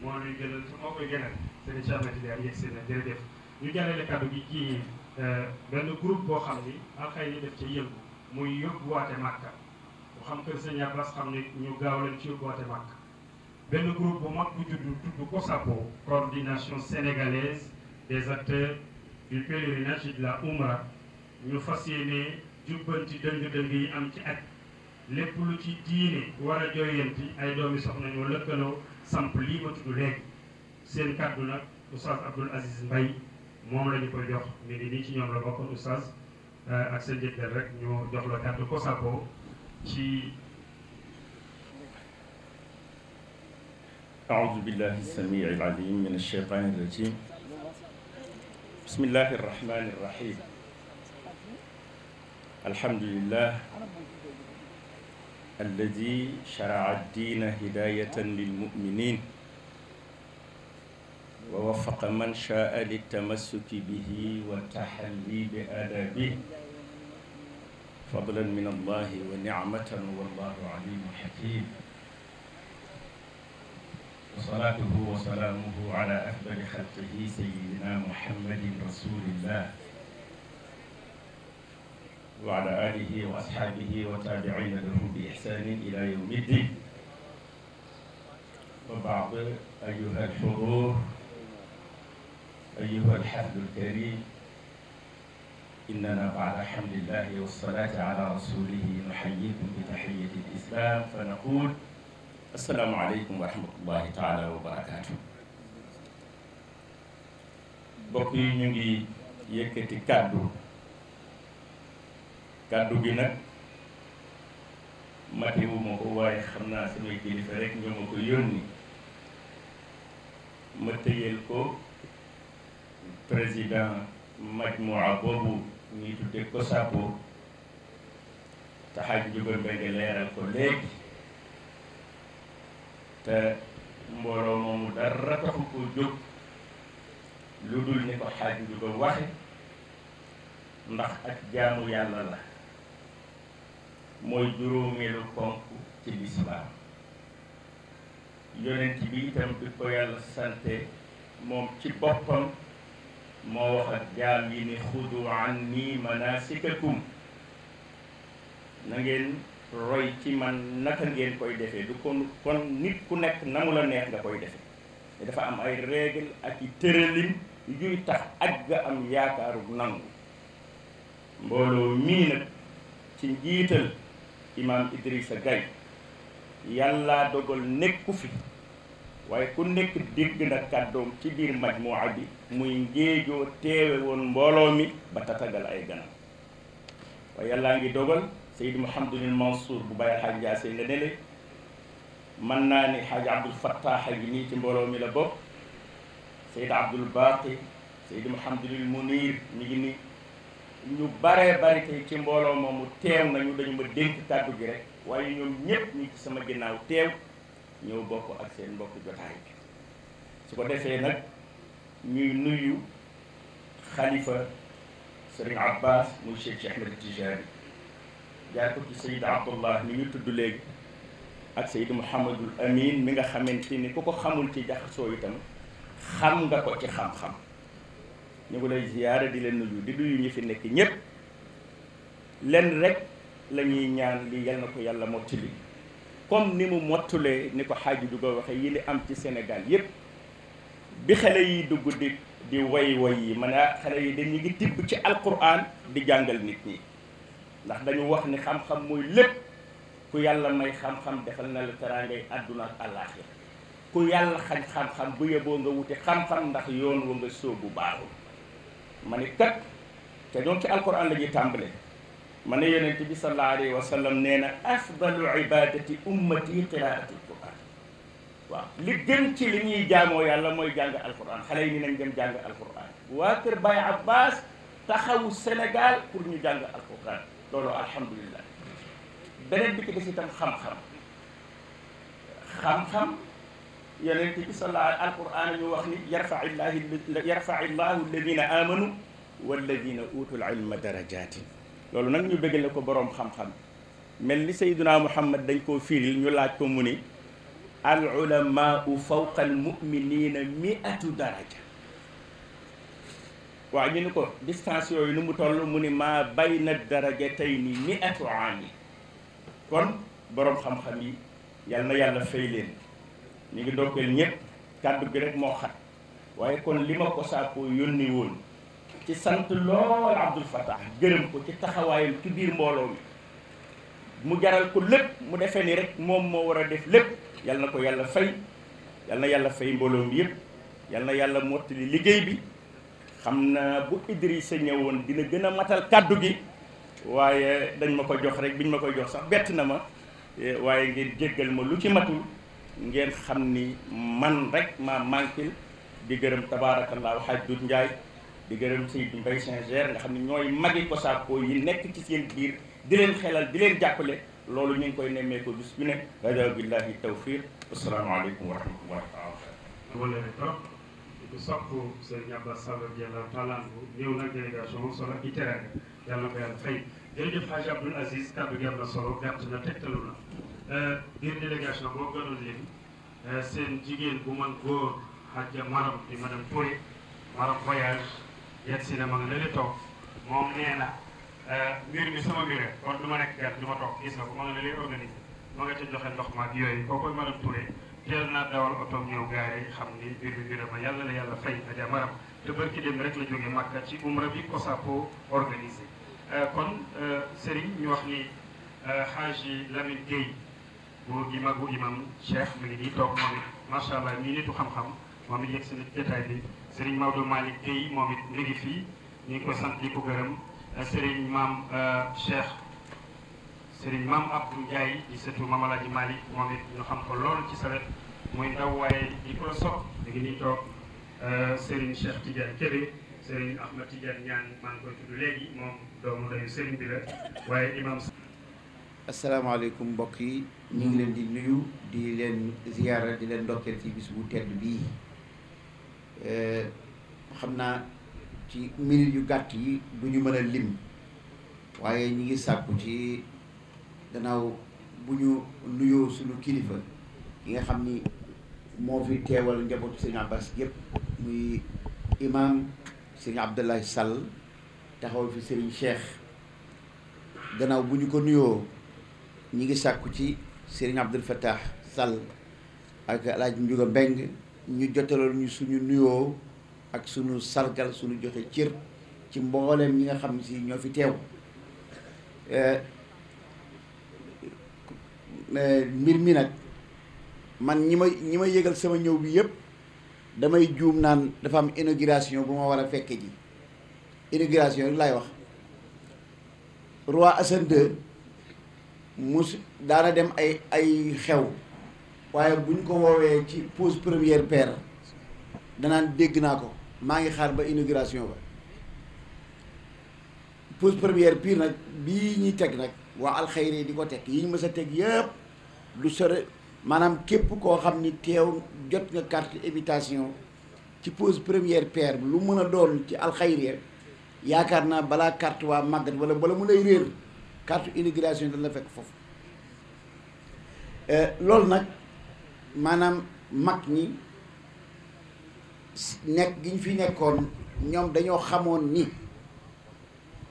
Speaker 1: moo lay gënal su moo koy gënal seen Cheikh Tidiane yegg seen na jërëjëf ñu jàllale kàddu gi ci euh, benn groupe boo xam ni alxay yi def ca yëngu muy yóbbuwaate màkka bu xam kër sëñ Abbas xam ne ñu gaaw leen ci yóbbuwaate màkka benn groupe bu mag bu juddu tudd COSAPO coordination sénégalaise des acteurs du pèlerinage et de la Oumra ñu fas yéene jubbanti dëng-dëng yi am ci ak lépp lu ci diine war a jooyanti ay doomi soxna ñoo lëkkaloo samp lii ma tudd léegi seen kàddu nag oustaz Abdoul Aziz Mbaye moom la ñu ko jox mi ngi nii ci ñoom la bokkoon oustaz euh, ak sa jëkkër rek ñu jox la kàddu ko sàppoo ci
Speaker 9: أعوذ بالله السميع العليم من الشيطان الرجيم بسم الله الرحمن الرحيم الحمد لله الذي شرع الدين هداية للمؤمنين ووفق من شاء للتمسك به والتحلي بآدابه فضلا من الله ونعمة والله عليم حكيم وصلاته وسلامه على أفضل خلقه سيدنا محمد رسول الله wa ala alihi wa ashaabihi wa taabiina lahum bi ihsaanin ila yawmi ddin wa baad ayyuha alxuduur ayyuha alxafdu alkarim إننا بعد حمد الله والصلاة على رسوله نحييكم بتحية الإسلام فنقول السلام عليكم ورحمة الله تعالى وبركاته mbokk yi ñu ngi yëkkati kàddu kàddu gi nag matewu ma ko waaye xam naa samay kilifa rek ñoo ma ko yónni ma tëyeel ko président majmua boobu ñuy tudde ko sàppo taxaaj njuga mbénge leeral ko léegi te mbooloo moomu dara taxu ko jóg lu dul ni ko xaaj njuga waxe ndax ak jaamu yàlla la mooy juróomeelu ponk ci lislaam yonent bi itam bi ko yàlla sante moom ci boppam moo wax ak jaam yi ni xudu anni manasikakum na ngeen roy ci man naka ngeen koy defee du kon kon nit ku nekk na mu la neex nga koy defee dafa am ay règle ak i tëralin yuy tax ak nga am yaakaaru nangu mbooloo mii nag ci njiital imaam Idrissa Gaye yàlla dogal nekku fi waaye ku nekk dégg na kàddoom ci biir majmuwa bi muy ngéejoo teewe woon mbooloo mi ba tatagal ay ganam waaye yàllaa ngi dogal Seydi Mouhamadulil Mansour bu bàyyi xaaj Njaase nga ne leen mën naa ni xaaj Abdul Fattah gi nii ci mbooloo mi la bokk Seydi Abdul Baaqi Seydi Mouhamadulil Munir mi ngi nii ñu baree bari tey ci mbooloo moomu teew nañu dañu ma dénk kàddu gi rek waaye ñoom ñépp ñu ci sama ginnaaw teew ñëw bokk ak seen mbokk jotaay bi su ko defee nag ñuy nuyu xalifa sëriñ Abbas muy Cheikh Cheikh Ahmed Tijani jaar ko ci Seyd Abdullah mi ñu tudd léegi ak Seyd Mouhamadul Amin mi nga xamante ni ku ko xamul ci jaxasoo itam xam nga ko ci xam-xam ñu ngi lay ziyaara di leen nuyu di nuyu ñu fi nekk ñépp lenn rek lañuy ñaan li yal na ko yàlla mottali comme ni mu mottulee ni ko xaaju du ko waxe yi li am ci senegal yépp bi xale yi dugg di di woy woy yi man a ah xale yi dañu ngi tibb ci alquran di jàngal nit ñi ndax dañu wax ni xam-xam mooy lépp ku yàlla may xam-xam defal na la teraangay àdduna ak àllaaxira ku yàlla xañ xam-xam bu yeboo nga wuti xam-xam ndax yoon wa nga sóobu baaxul ma ni kat te doon ci alquran la ñuy tàmbale ma ne yonent bi sallallahu alayhi wa sallam nee na afdalu ibadati ummati qiraati alquran waaw li gën ci li ñuy jaamoo yàlla mooy jàng alquran xale yi ni nañ dem jàng alquran waa kër Baye Abbas taxawu senegal pour ñu jàng alquran loolu alhamdulillah beneen bi ci des itam xam-xam xam-xam yonent bi sala alquran ñu wax ni yarfa illahi yarfa illahu alladina amanu walladina utul ilma darajaati loolu nag ñu bëggale ko boroom xam-xam mel ni sayduna muhammad dañ koo firil ñu laaj ko mu ni al ulamaau fawqa al muminina miatu daraja waaw ñu ni ko distance yooyu nu mu toll mu ni maa bayna darajatayni miatu aami kon boroom xam-xam yi yal na yàlla fay leen ñu ngi ndokkeel ñëpp kàddu gi rek moo xat waaye kon li ma ko saakoo yónni woon ci sant lool Abdul Fattah gërëm ko ci taxawaayam ci biir mbooloo mi mu jaral ko lépp mu defee ni rek moom moo war a def lépp yal na ko yàlla fay yal na yàlla fay mbooloo mi yëpp yal na yàlla mottali liggéey bi xam na bu Idrissa ñëwoon dina gën a matal kàddu gi waaye dañ ma ko jox rek biñ ma ko jox sax bett na ma waaye ngeen jéggal ma lu ci matul ngeen xam ni man rek ma manquil di gërëm tabaarakallaahu xaaj dut njaay di gërëm Seydou Mbaye Saint-Ger nga xam ne ñooy magi COSACO yi nekk ci seen biir di leen xelal di leen jàppale loolu ñu ngi koy nemmee ko bis bu ne hada billahi
Speaker 1: tawfiq asalaamaaleykum wa rahmatullahi taala trop ku sopp Serigne Abbas Sall radiyallahu taala anhu ñëw nag délégation solo i teranga yàlla na ko yàlla fay biir délégation boo gënoon léegi seen jigéen bu man góor xajja maram di madame Touré maram voyage yegg si na ma nga lële toog moom nee na mbir mi sama mbir kon du ma nekk gerte du ma toog gis nga ko ma nga lële organisé ma nga ca joxe ndox ma ak yooyu kooku madame Touré teel naa dawal otoom ñëw gars yi xam ni mbir mi mbir ma yàlla la yàlla fay aja maram te barki dem rek la jóge Màkka ci umra bi COSAPO organisé kon Serigne ñu wax ni Haji Lamine Gueye góor gi magu imam Cheikh mi toog moom it macha allah mii nitu xam-xam moom it yegg si jotaay bi Serigne Maodo Malick Guèye moom it mi ngi fii ñu ngi ko sant di ko gërëm euh, Serigne maam euh, Cheikh Serigne maam Abdou Ndiaye di sëtu Mame Alaaji moom it ñu xam ko lool ci sawet muy ndaw waaye di ko sopp mi ngi nii toog euh, Serigne Cheikh Tidiane Kébé Serigne Ahmed Tidiane ñaan maa ngi koy tudd léegi moom doomu ndeyu Serigne bi la waaye imam.
Speaker 5: asalaamaaleykum mbokk yi. ñu ngi leen di nuyu di leen ziyaara di leen ndokkeel ci bis bu tedd bii euh, xam naa ci minute yu gàtt yi bu ñu mën a lim waaye ñu ngi sàkku ci gannaaw bu ñu nuyoo suñu kilifa yi nga xam ni moo fi teewal njabootu sëñ Abbas yépp muy imam sëñ Abdoulaye Sall taxaw fi sëriñ Cheikh gannaaw bu ñu ko nuyoo ñu ngi sàkku ci Serigne Abdoul Fattah Sall ak El Hadj Ndiouga Mbeng ñu jotaloon ñu suñu nuyoo ak suñu sargal suñu joxe cër ci mbooleem ñi nga xam si ñoo fi teew eh, eh, mbir mi nag man ñi ma ñi ma yëgal sama ñëw bi yëpp damay juum naan dafa am inauguration bu ma war a fekke ji inauguration rek laay wax roi Hassan mus daana dem ay ay xew waaye bu ñu ko woowee ci pose première pierre danaan dégg naa ko maa ngi xaar ba inauguration ba pose première pierre nag bii ñuy teg nag waa alxayri di ko teg yi ñu mës a teg yëpp lu sore maanaam képp koo xam ni teew jot nga carte invitation ci pose première pierre lu mën a doon ci alxayri yaakaar naa balaa carte waa màggat wala bala mu lay réer carte immigration dañ la fekk foofu eh, loolu nag maanaam mag ñi nekk gi ñu fi nekkoon ñoom dañoo xamoon ni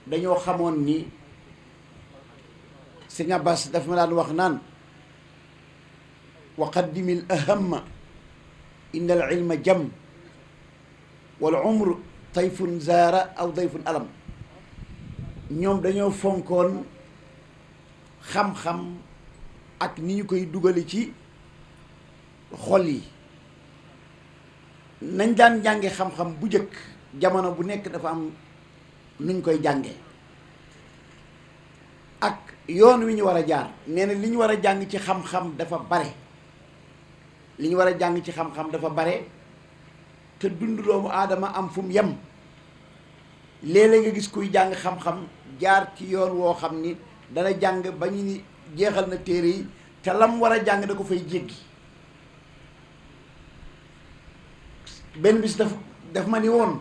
Speaker 5: dañoo xamoon ni Sëñ Abbas daf ma daan wax naan wa qaddimil ahamma inna al ilma jam wal umru tayfun zaara aw dayfun alam ñoom dañoo fonkoon xam-xam ak ni ñu koy dugale ci xol yi nañ daan jànge xam-xam bu jëkk jamono bu nekk dafa am nuñ koy jànge ak yoon wi ñu war a jaar nee na li ñu war a jàng ci xam-xam dafa bare li ñu war a jàng ci xam dafa bare te dund doomu aadama am fu mu yem léeg-léeg nga gis kuy jàng xam-xam jaar ci yoon woo xam ni dana jàng ba ñu ni jeexal na téere yi te lam war a jàng da ko fay jéggi benn bis daf daf ma ni woon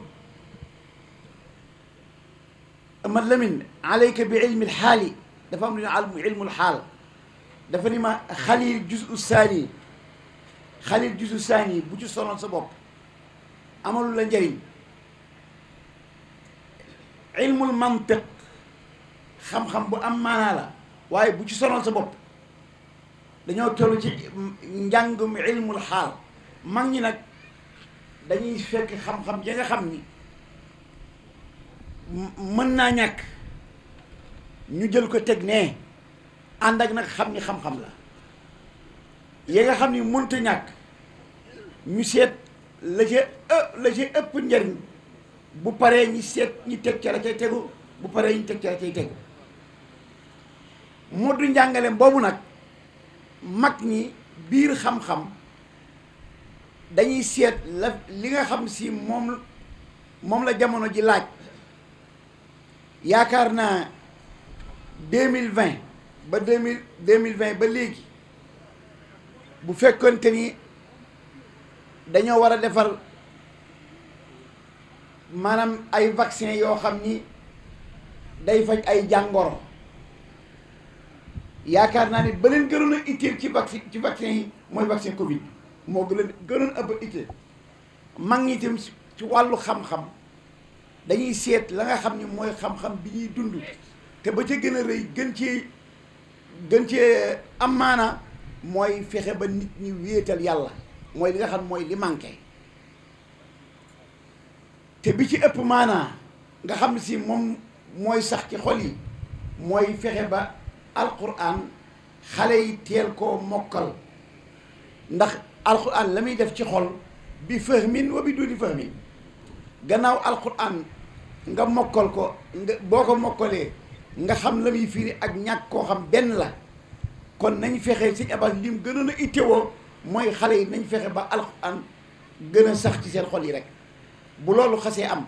Speaker 5: aman Lamine alayka bi ilmi alxaali dafa am lu ñu ilmu alxaal dafa ni ma xalil juzu saani xalil juzu saani bu ci sonoon sa bopp amalu la njëriñ ilmul mantiq xam-xam bu am maanaa la waaye bu ci sonal sa bopp dañoo toll ci njàngum ilmul xaal mag ñi nag dañuy fekk xam-xam ya nga xam ni mën naa ñàkk ñu jël ko teg nee ànd ak nag xam ni xam-xam la ya nga xam ni mënta ñàkk ñu seet la ca ë la ëpp njariñ bu paree ñi seet ñi teg ca la tegu bu paree ñi teg ca la tegu du njàngale boobu nag mag ñi biir xam-xam dañuy seet la li nga xam si moom moom la jamono ji laaj yaakaar naa deux mille vingt ba deux mille deux mille vingt ba léegi bu fekkonte ni dañoo war a defar maanaam ay vaccin yoo xam ni day faj ay jàngoro yaakaar naa ne ba leen gënoon a ci vaccin ci vaccin yi mooy vaccin Covid moo gën a gënoon ëpp itteel mag ñi itam ci wàllu xam-xam dañuy seet la nga xam ni mooy xam-xam bi ñuy dund te ba ca gën a rëy gën cee gën ci am maana mooy fexe ba nit ñi wéetal yàlla mooy li nga xam mooy li te bi ci ëpp maanaa nga xam si moom mooy sax ci xol yi mooy fexe ba. alquran xale yi teel koo mokkal ndax alquran la muy def ci xol bi fahmin wa bi duni fahmin gannaaw alquran nga mokkal ko nga boo ko mokkalee nga xam la muy firi ak ñàkk koo xam benn la kon nañ fexe si Abbas li lim gënoon a ittewoo mooy xale yi nañ fexe ba alquran gën a sax ci seen xol yi rek bu loolu xasee am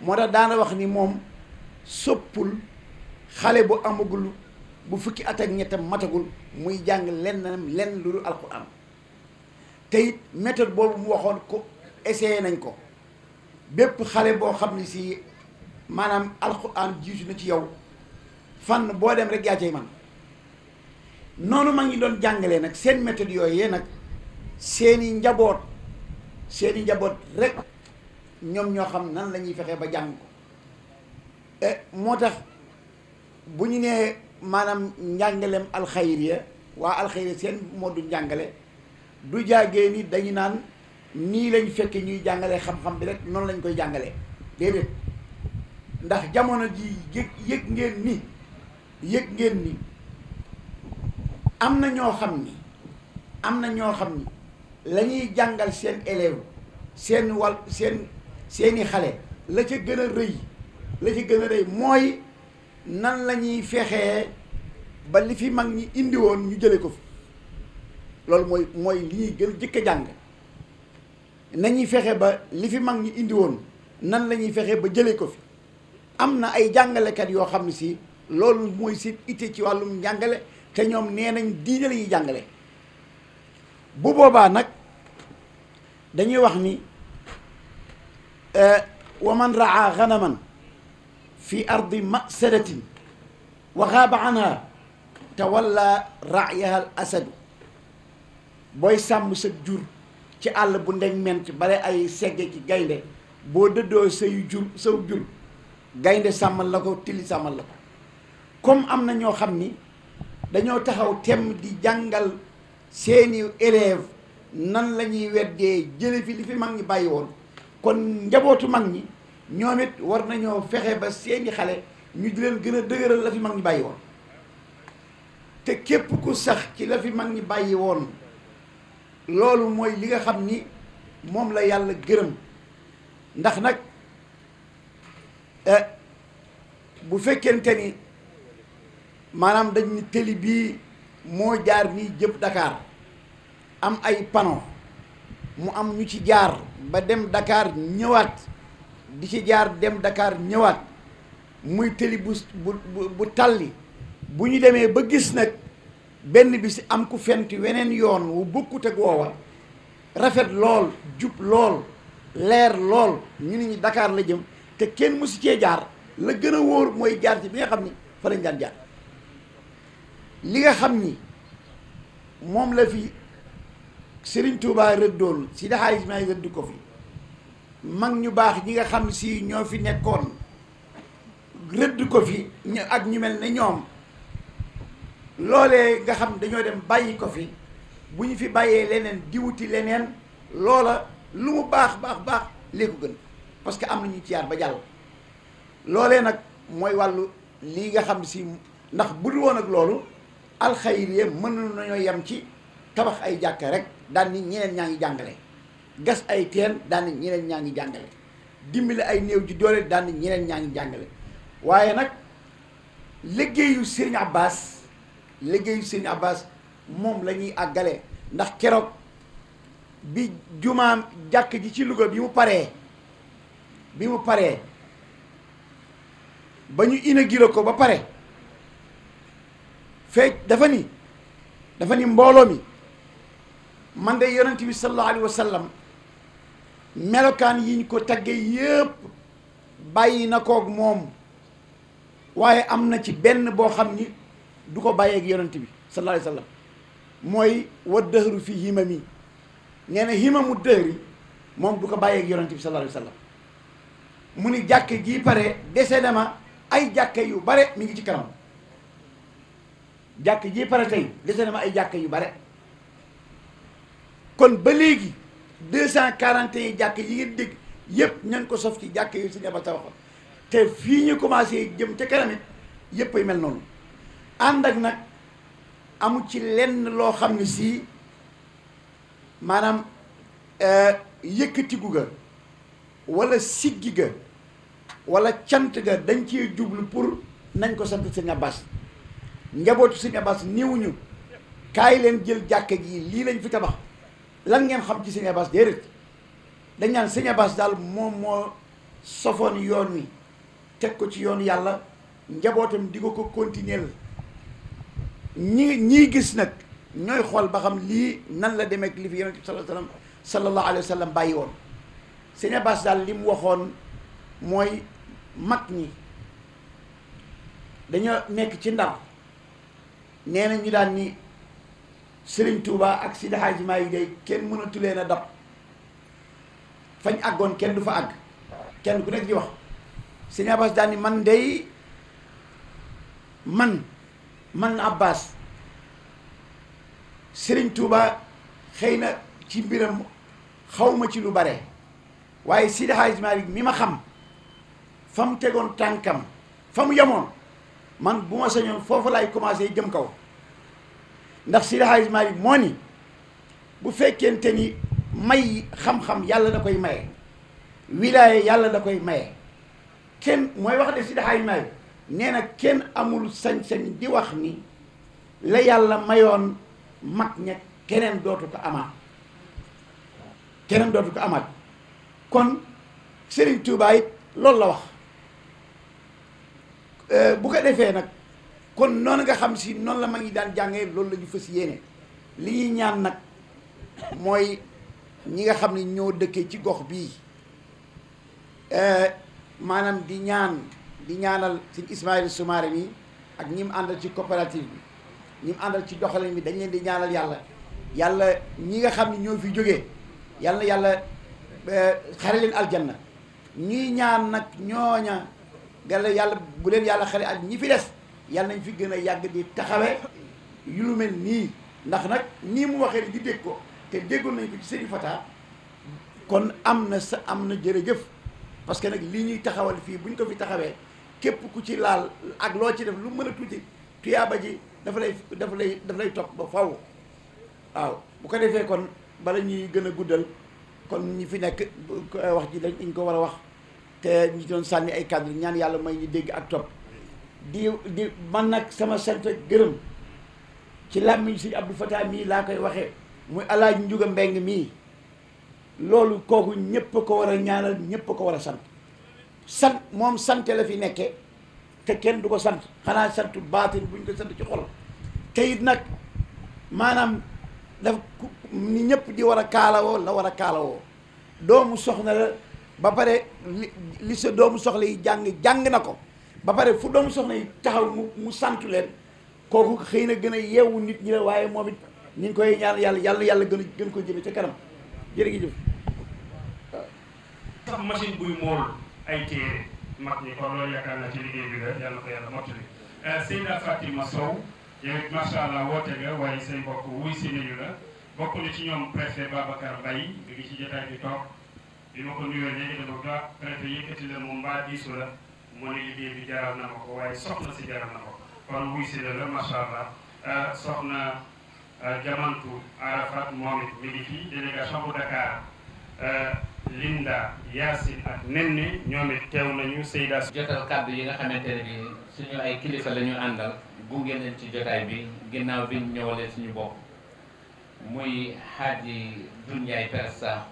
Speaker 5: moo tax daana wax ni moom soppul xale bu amagul bu fukki at ak ñettam matagul muy jàng lenn lenn lu dul alquran te it méthode boobu mu waxoon ko essayé nañ ko bépp xale boo xam ne si maanaam alquran jiitu na ci yow fànn boo dem rek yaa cay man noonu ma ngi doon jàngalee nag seen méthode yooyu nag seeni njaboot seeni njaboot rek ñoom ñoo xam nan la ñuy fexee ba jàng ko eh, moo tax bu ñu nee. maanaam njàngaleem alxayriya waa alxayriya seen moo du njàngale du jàggee ni dañu naan nii lañu fekk ñuy jàngale xam-xam bi rek noonu lañ koy jàngale déedéet ndax jamono ji yëg yëg ngeen ni yëg ngeen ni am na ñoo xam ni am na ñoo xam ni la ñuy jàngal seen élève seen wal seen seeni xale la ca gën a rëy la ca gën a rëy mooy nan la ñuy fexee ba li fi mag ñi indi woon ñu jële ko fi loolu mooy mooy li ñuy gën jëkk jàng nañuy fexe ba li fi mag ñi indi woon nan la ñuy fexe ba jële ko fi am na ay jàngalekat yoo xam ne si loolu mooy seen itte ci wàllum jàngale te ñoom nee nañ diine la jàngale bu boobaa nag dañuy wax ni euh, waman raa xanaman fi ardi masaratin wa xaaba anha tawalla raayahal asadu booy sàmm sa jur ci àll bu ndeñ ment bare ay segge ci gaynde boo dëddoo sëy jur saw jur gaynde sàmmal la ko tilli sàmmal la ko comme am na ñoo xam ni dañoo taxaw tem di jàngal seeni élève nan lañuy ñuy weddee jële fi li fi mag ñi bàyyi woon kon njabootu mag ñi ñoom it war nañoo fexe ba seeni xale ñu di leen gën a dëgëral la fi mag ñi bàyyi woon te képp ku sax ci la fi mag ñi bàyyi woon loolu mooy li nga xam ni moom la yàlla gërëm ndax nag eh, bu fekkente ni maanaam dañ ni tëli bii moo jaar nii jëm Dakar am ay pano mu am ñu ci jaar ba dem Dakar ñëwaat di ci jaar dem Dakar ñëwaat muy tëli bu bu bu tàlli bu ñu demee ba gis nag benn bi si am ku fent weneen yoon wu bokkut ak woowa rafet lool jub lool leer lool ñu ni ñu Dakar la jëm te kenn mu si cee jaar la gën a wóor mooy jaar ci bi nga xam ni fa lañ daan jaar li nga xam ni moom la fi Serigne Touba rëddoon si daxaay may rëdd ko fi mag ñu baax ñi nga xam si ñoo fi nekkoon rëdd ko fi ñu ak ñu mel ne ñoom loolee nga xam dañoo dem bàyyi ko fi bu ñu fi bàyyee leneen di wuti leneen loola lu mu baax baax baax lee ko gën parce que am na ñuy ci ba jàll loolee nag mooy wàllu lii nga xam si ndax bu dul woon ak loolu alxayriye mën nañoo yem ci tabax ay jàkka rek daan ni ñeneen ñaa ngi jàngale gas ay teen daan na ñeneen ñaa ngi jàngale dimbali ay néew ji doole daan ñeneen ñaa ngi jàngale waaye nag liggéeyu Serigne Abbas liggéeyu Serigne Abbas moom la ñuy àggale ndax ceroog bi jumaam jàkk ji ci Louga bi mu paree bi mu paree ba ñu inauguré ko ba pare fekk dafa ni dafa ni mbooloo mi man de yonent bi sallallahu alayhi wa melokaan yi ñu ko tagge yépp bàyyi na kook moom waaye am na ci benn boo xam ni du ko bàyyeeg yonent bi sallallahu alayhi wa sallam mooy wa dëhru fi himami nee na himamu dëhri moom du ko bàyyeeg yonent bi sallallahu alayhi wa sallam mu ni jàkke ji pare décédé ma ay jàkke yu bare mi ngi ci kanam jàkke ji pare tey décédé ma ay jàkke yu bare kon ba léegi deux cent quarante et jàkk yi ngeen dégg yëpp ñan ko sof ci jàkk yi suñu abal tabaxoon te fii ñu commencé jëm ca kanam it yëpp ay mel noonu ànd ak nag amu ci lenn loo xam ne sii maanaam euh, yëkkatigu ga wala siggi ga wala cant ga dañ cee jublu pour nañ ko sant si sëñ Abbas njabootu sëñ Abbas néewuñu kaay leen jël jàkk ji lii lañ fi tabax lan ngeen xam ci Sëñ Abass déedéet dañ naan Sëñ Abass daal moom moo sofoon yoon wi teg ko ci yoon yàlla njabootam di ko ko continuer ñi ñii gis nag ñooy xool ba xam lii nan la demee ak li fi yonent bi sallallahu alayhi bàyyi woon Sëñ daal li mu waxoon mooy mag ñi dañoo nekk ci ndar nee na ñu daan Serigne Touba ak Sidi Hadj Maye day kenn mënatu leen a dab fañ àggoon kenn du fa àgg kenn ku nekk di wax Serigne Abbas daal ni man day man man Abbas Serigne Touba xëy na ci mbiram xaw ma ci lu bare waaye Sidi mi ma xam fa mu tegoon tànkam fa mu yemoon man bu ma sañoon foofu lay commencé jëm kaw. ndax Seydi Hadji Malick moo ni bu fekkente ni may xam-xam yàlla da koy maye wilaaye yàlla da koy maye kenn mooy wax de Seydi Hadji Malick nee na kenn amul sañ-sañ di wax ni la yàlla mayoon mag ña keneen dootu ko amaat keneen dootu ko amaat kon Serigne tuubaay it loolu la wax euh, bu ko defee nag kon noonu nga xam si noonu la ma ngi daan jàngee loolu la ñu fas yéene li ñuy ñaan nag mooy ñi nga xam ni ñoo dëkkee ci gox bii eh, maanaam di ñaan di ñaanal sëñ Ismaïla Soumaré yi ak ñi mu àndal ci coopérative bi ñi mu àndal ci doxalin bi dañ leen di ñaanal yàlla yàlla ñi nga xam ne ñoo fi jógee yàlla yàlla eh, xare leen aljanna ñuy ñaan nag ñooña gala yàlla bu leen yàlla xare ak ñi fi des yàlla nañ fi gën a yàgg di taxawee lu mel nii ndax nag nii mu waxee di dégg ko te déggoon nañ ko ci Serigne Fata kon am na sa am na jërëjëf parce que nag lii ñuy taxawal fii buñ ko fi taxawee képp ku ci laal ak loo ci def lu mën a tuuti tuyaaba ji dafa lay dafa lay dafa lay topp ba faw waaw bu ko defee kon bala ñuy gën a guddal kon ñu fi nekk wax ji dañ ko war a wax te ñi doon sànni ay cadre ñaan yàlla may ñu dégg ak topp di di man nag sama sant gërëm ci làmmiñ si Abdou Fatah mii laa koy waxee muy alaaj njuga mbeng mii loolu kooku ñépp ko war a ñaanal ñépp ko war a sant sant moom sante la fi nekke te kenn du ko sant xanaa sant baatin buñ ko sant ci xol te nag maanaam daf ni ñëpp di war a kaalawoo la war a kaalawoo doomu soxna ba pare li li sa doomu soxla yi jàng jàng na ko ba pare fu doomu soxna yi taxaw mu mu sant leen kooku xëy na gën a yeewu nit ñi la waaye moom it ñu ngi koy ñaan yàlla yàlla yàlla gën a gën ko jëme ca kanam jërëjëf.
Speaker 1: sax machine buy mool ay ñi kon loolu yaakaar naa ci liggéey bi la yàlla ko yàlla euh, Sow yow it allah woote nga waaye say mbokk wuy si nañu la bokk na ci ñoom préfet Babacar Mbaye mi ci jotaay bi toog bi ma ko nuyoo léegi dama ko préfet yëkkati la moom mbaa diisu la. mu ne liggéey bi jaral na ma ko waaye soxna si jaral na ma ko kon wuy si la la macha allah euh, soxna jamantu euh, arafat moom it mi ngi fii délégation bu Dakar euh, Linda Yacine ak Nenne ñoom it teew nañu Seyda jotal kàddu yi nga xamante ne bi suñu ay kilifa lañu ñu àndal
Speaker 10: gunge leen ci jotaay bi ginnaaw bi ñëwalee suñu bopp muy xaaji Dunyaay Persa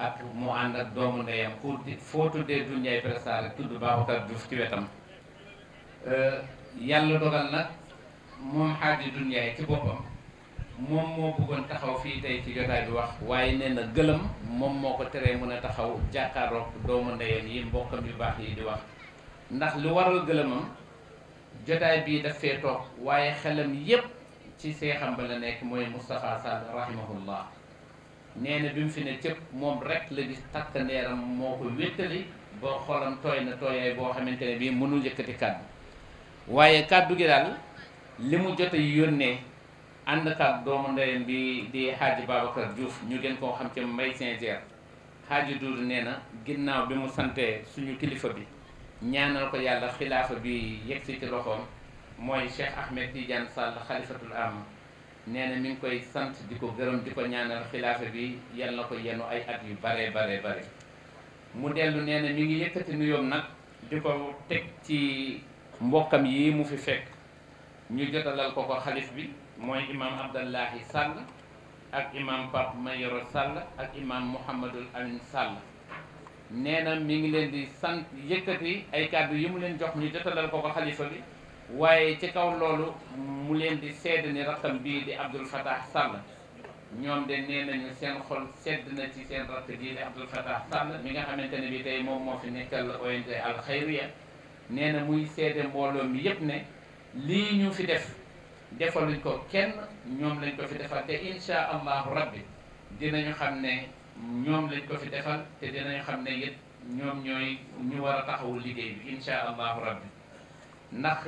Speaker 10: ak mu ànd ak doomu ndeyam pour foo tuddee du Ndiaye Presta tudd Babacar Diouf ci wetam euh, yàlla dogal nag moom xaaji du Ndiaye ci boppam moom moo bëggoon taxaw fii tey ci jotaay bi wax waaye nee na gëlëm moom moo ko teree mën a taxaw jàkkaaroog doomu ndeyam yi mbokkam yu baax yi di wax ndax lu waral gëlëmam jotaay bii daf fee toog waaye xelam yépp ci seexam ba la nekk mooy Moustapha Sall rahimahullah nee na bi mu fi ne cëpp moom rek la gis takk ndeeram moo ko wéttali ba xolam tooy na tooyaay boo xamante ne bii mënul yëkkati kàddu waaye kàddu gi daal li mu jot a yónnee ànd kaat doomu ndeyam bi di xaaji Babacar Diouf ñu gën koo xam ci Mbaye saint xaaji Duudu nee na ginnaaw bi mu santee suñu kilifa bi ñaanal ko yàlla xilaafa bi yegg si ci loxoom mooy Cheikh Ahmed Tidiane Sall xalifatul am nee na mi ngi koy sant di ko gërëm di ko ñaanal xilaafa bi yal na ko yenu ay at yu bare bare bare mu dellu nee mi ngi yëkkati nuyoom nag di ko teg ci mbokkam yi mu fi fekk ñu jotalal ko ko xalif bi mooy imam Abdallahi Sall ak imam Pape Mayoro Sall ak imam Mouhamadul Amin Sall nee na mi ngi leen di sant yëkkati ay kàddu yi mu leen jox ñu jotalal ko ko xalifa bi waaye ci kaw loolu mu leen di sedd ni rakkam bii di Abdoul Fattah Sall ñoom de nee nañu seen xol sedd na ci seen rakk bii di Abdoul Fattah Sall mi nga xamante ne bii tey moom moo fi nekkal ONG Al Khayriya nee na muy sedd mbooloo mi yépp ne lii ñu fi def defaluñ ko kenn ñoom lañ ko fi defal te insha allahu rabbi dinañu xam ne ñoom lañ ko fi defal te dinañu xam ne it ñoom ñooy ñu war a taxawu liggéey bi insha allahu rabbi ndax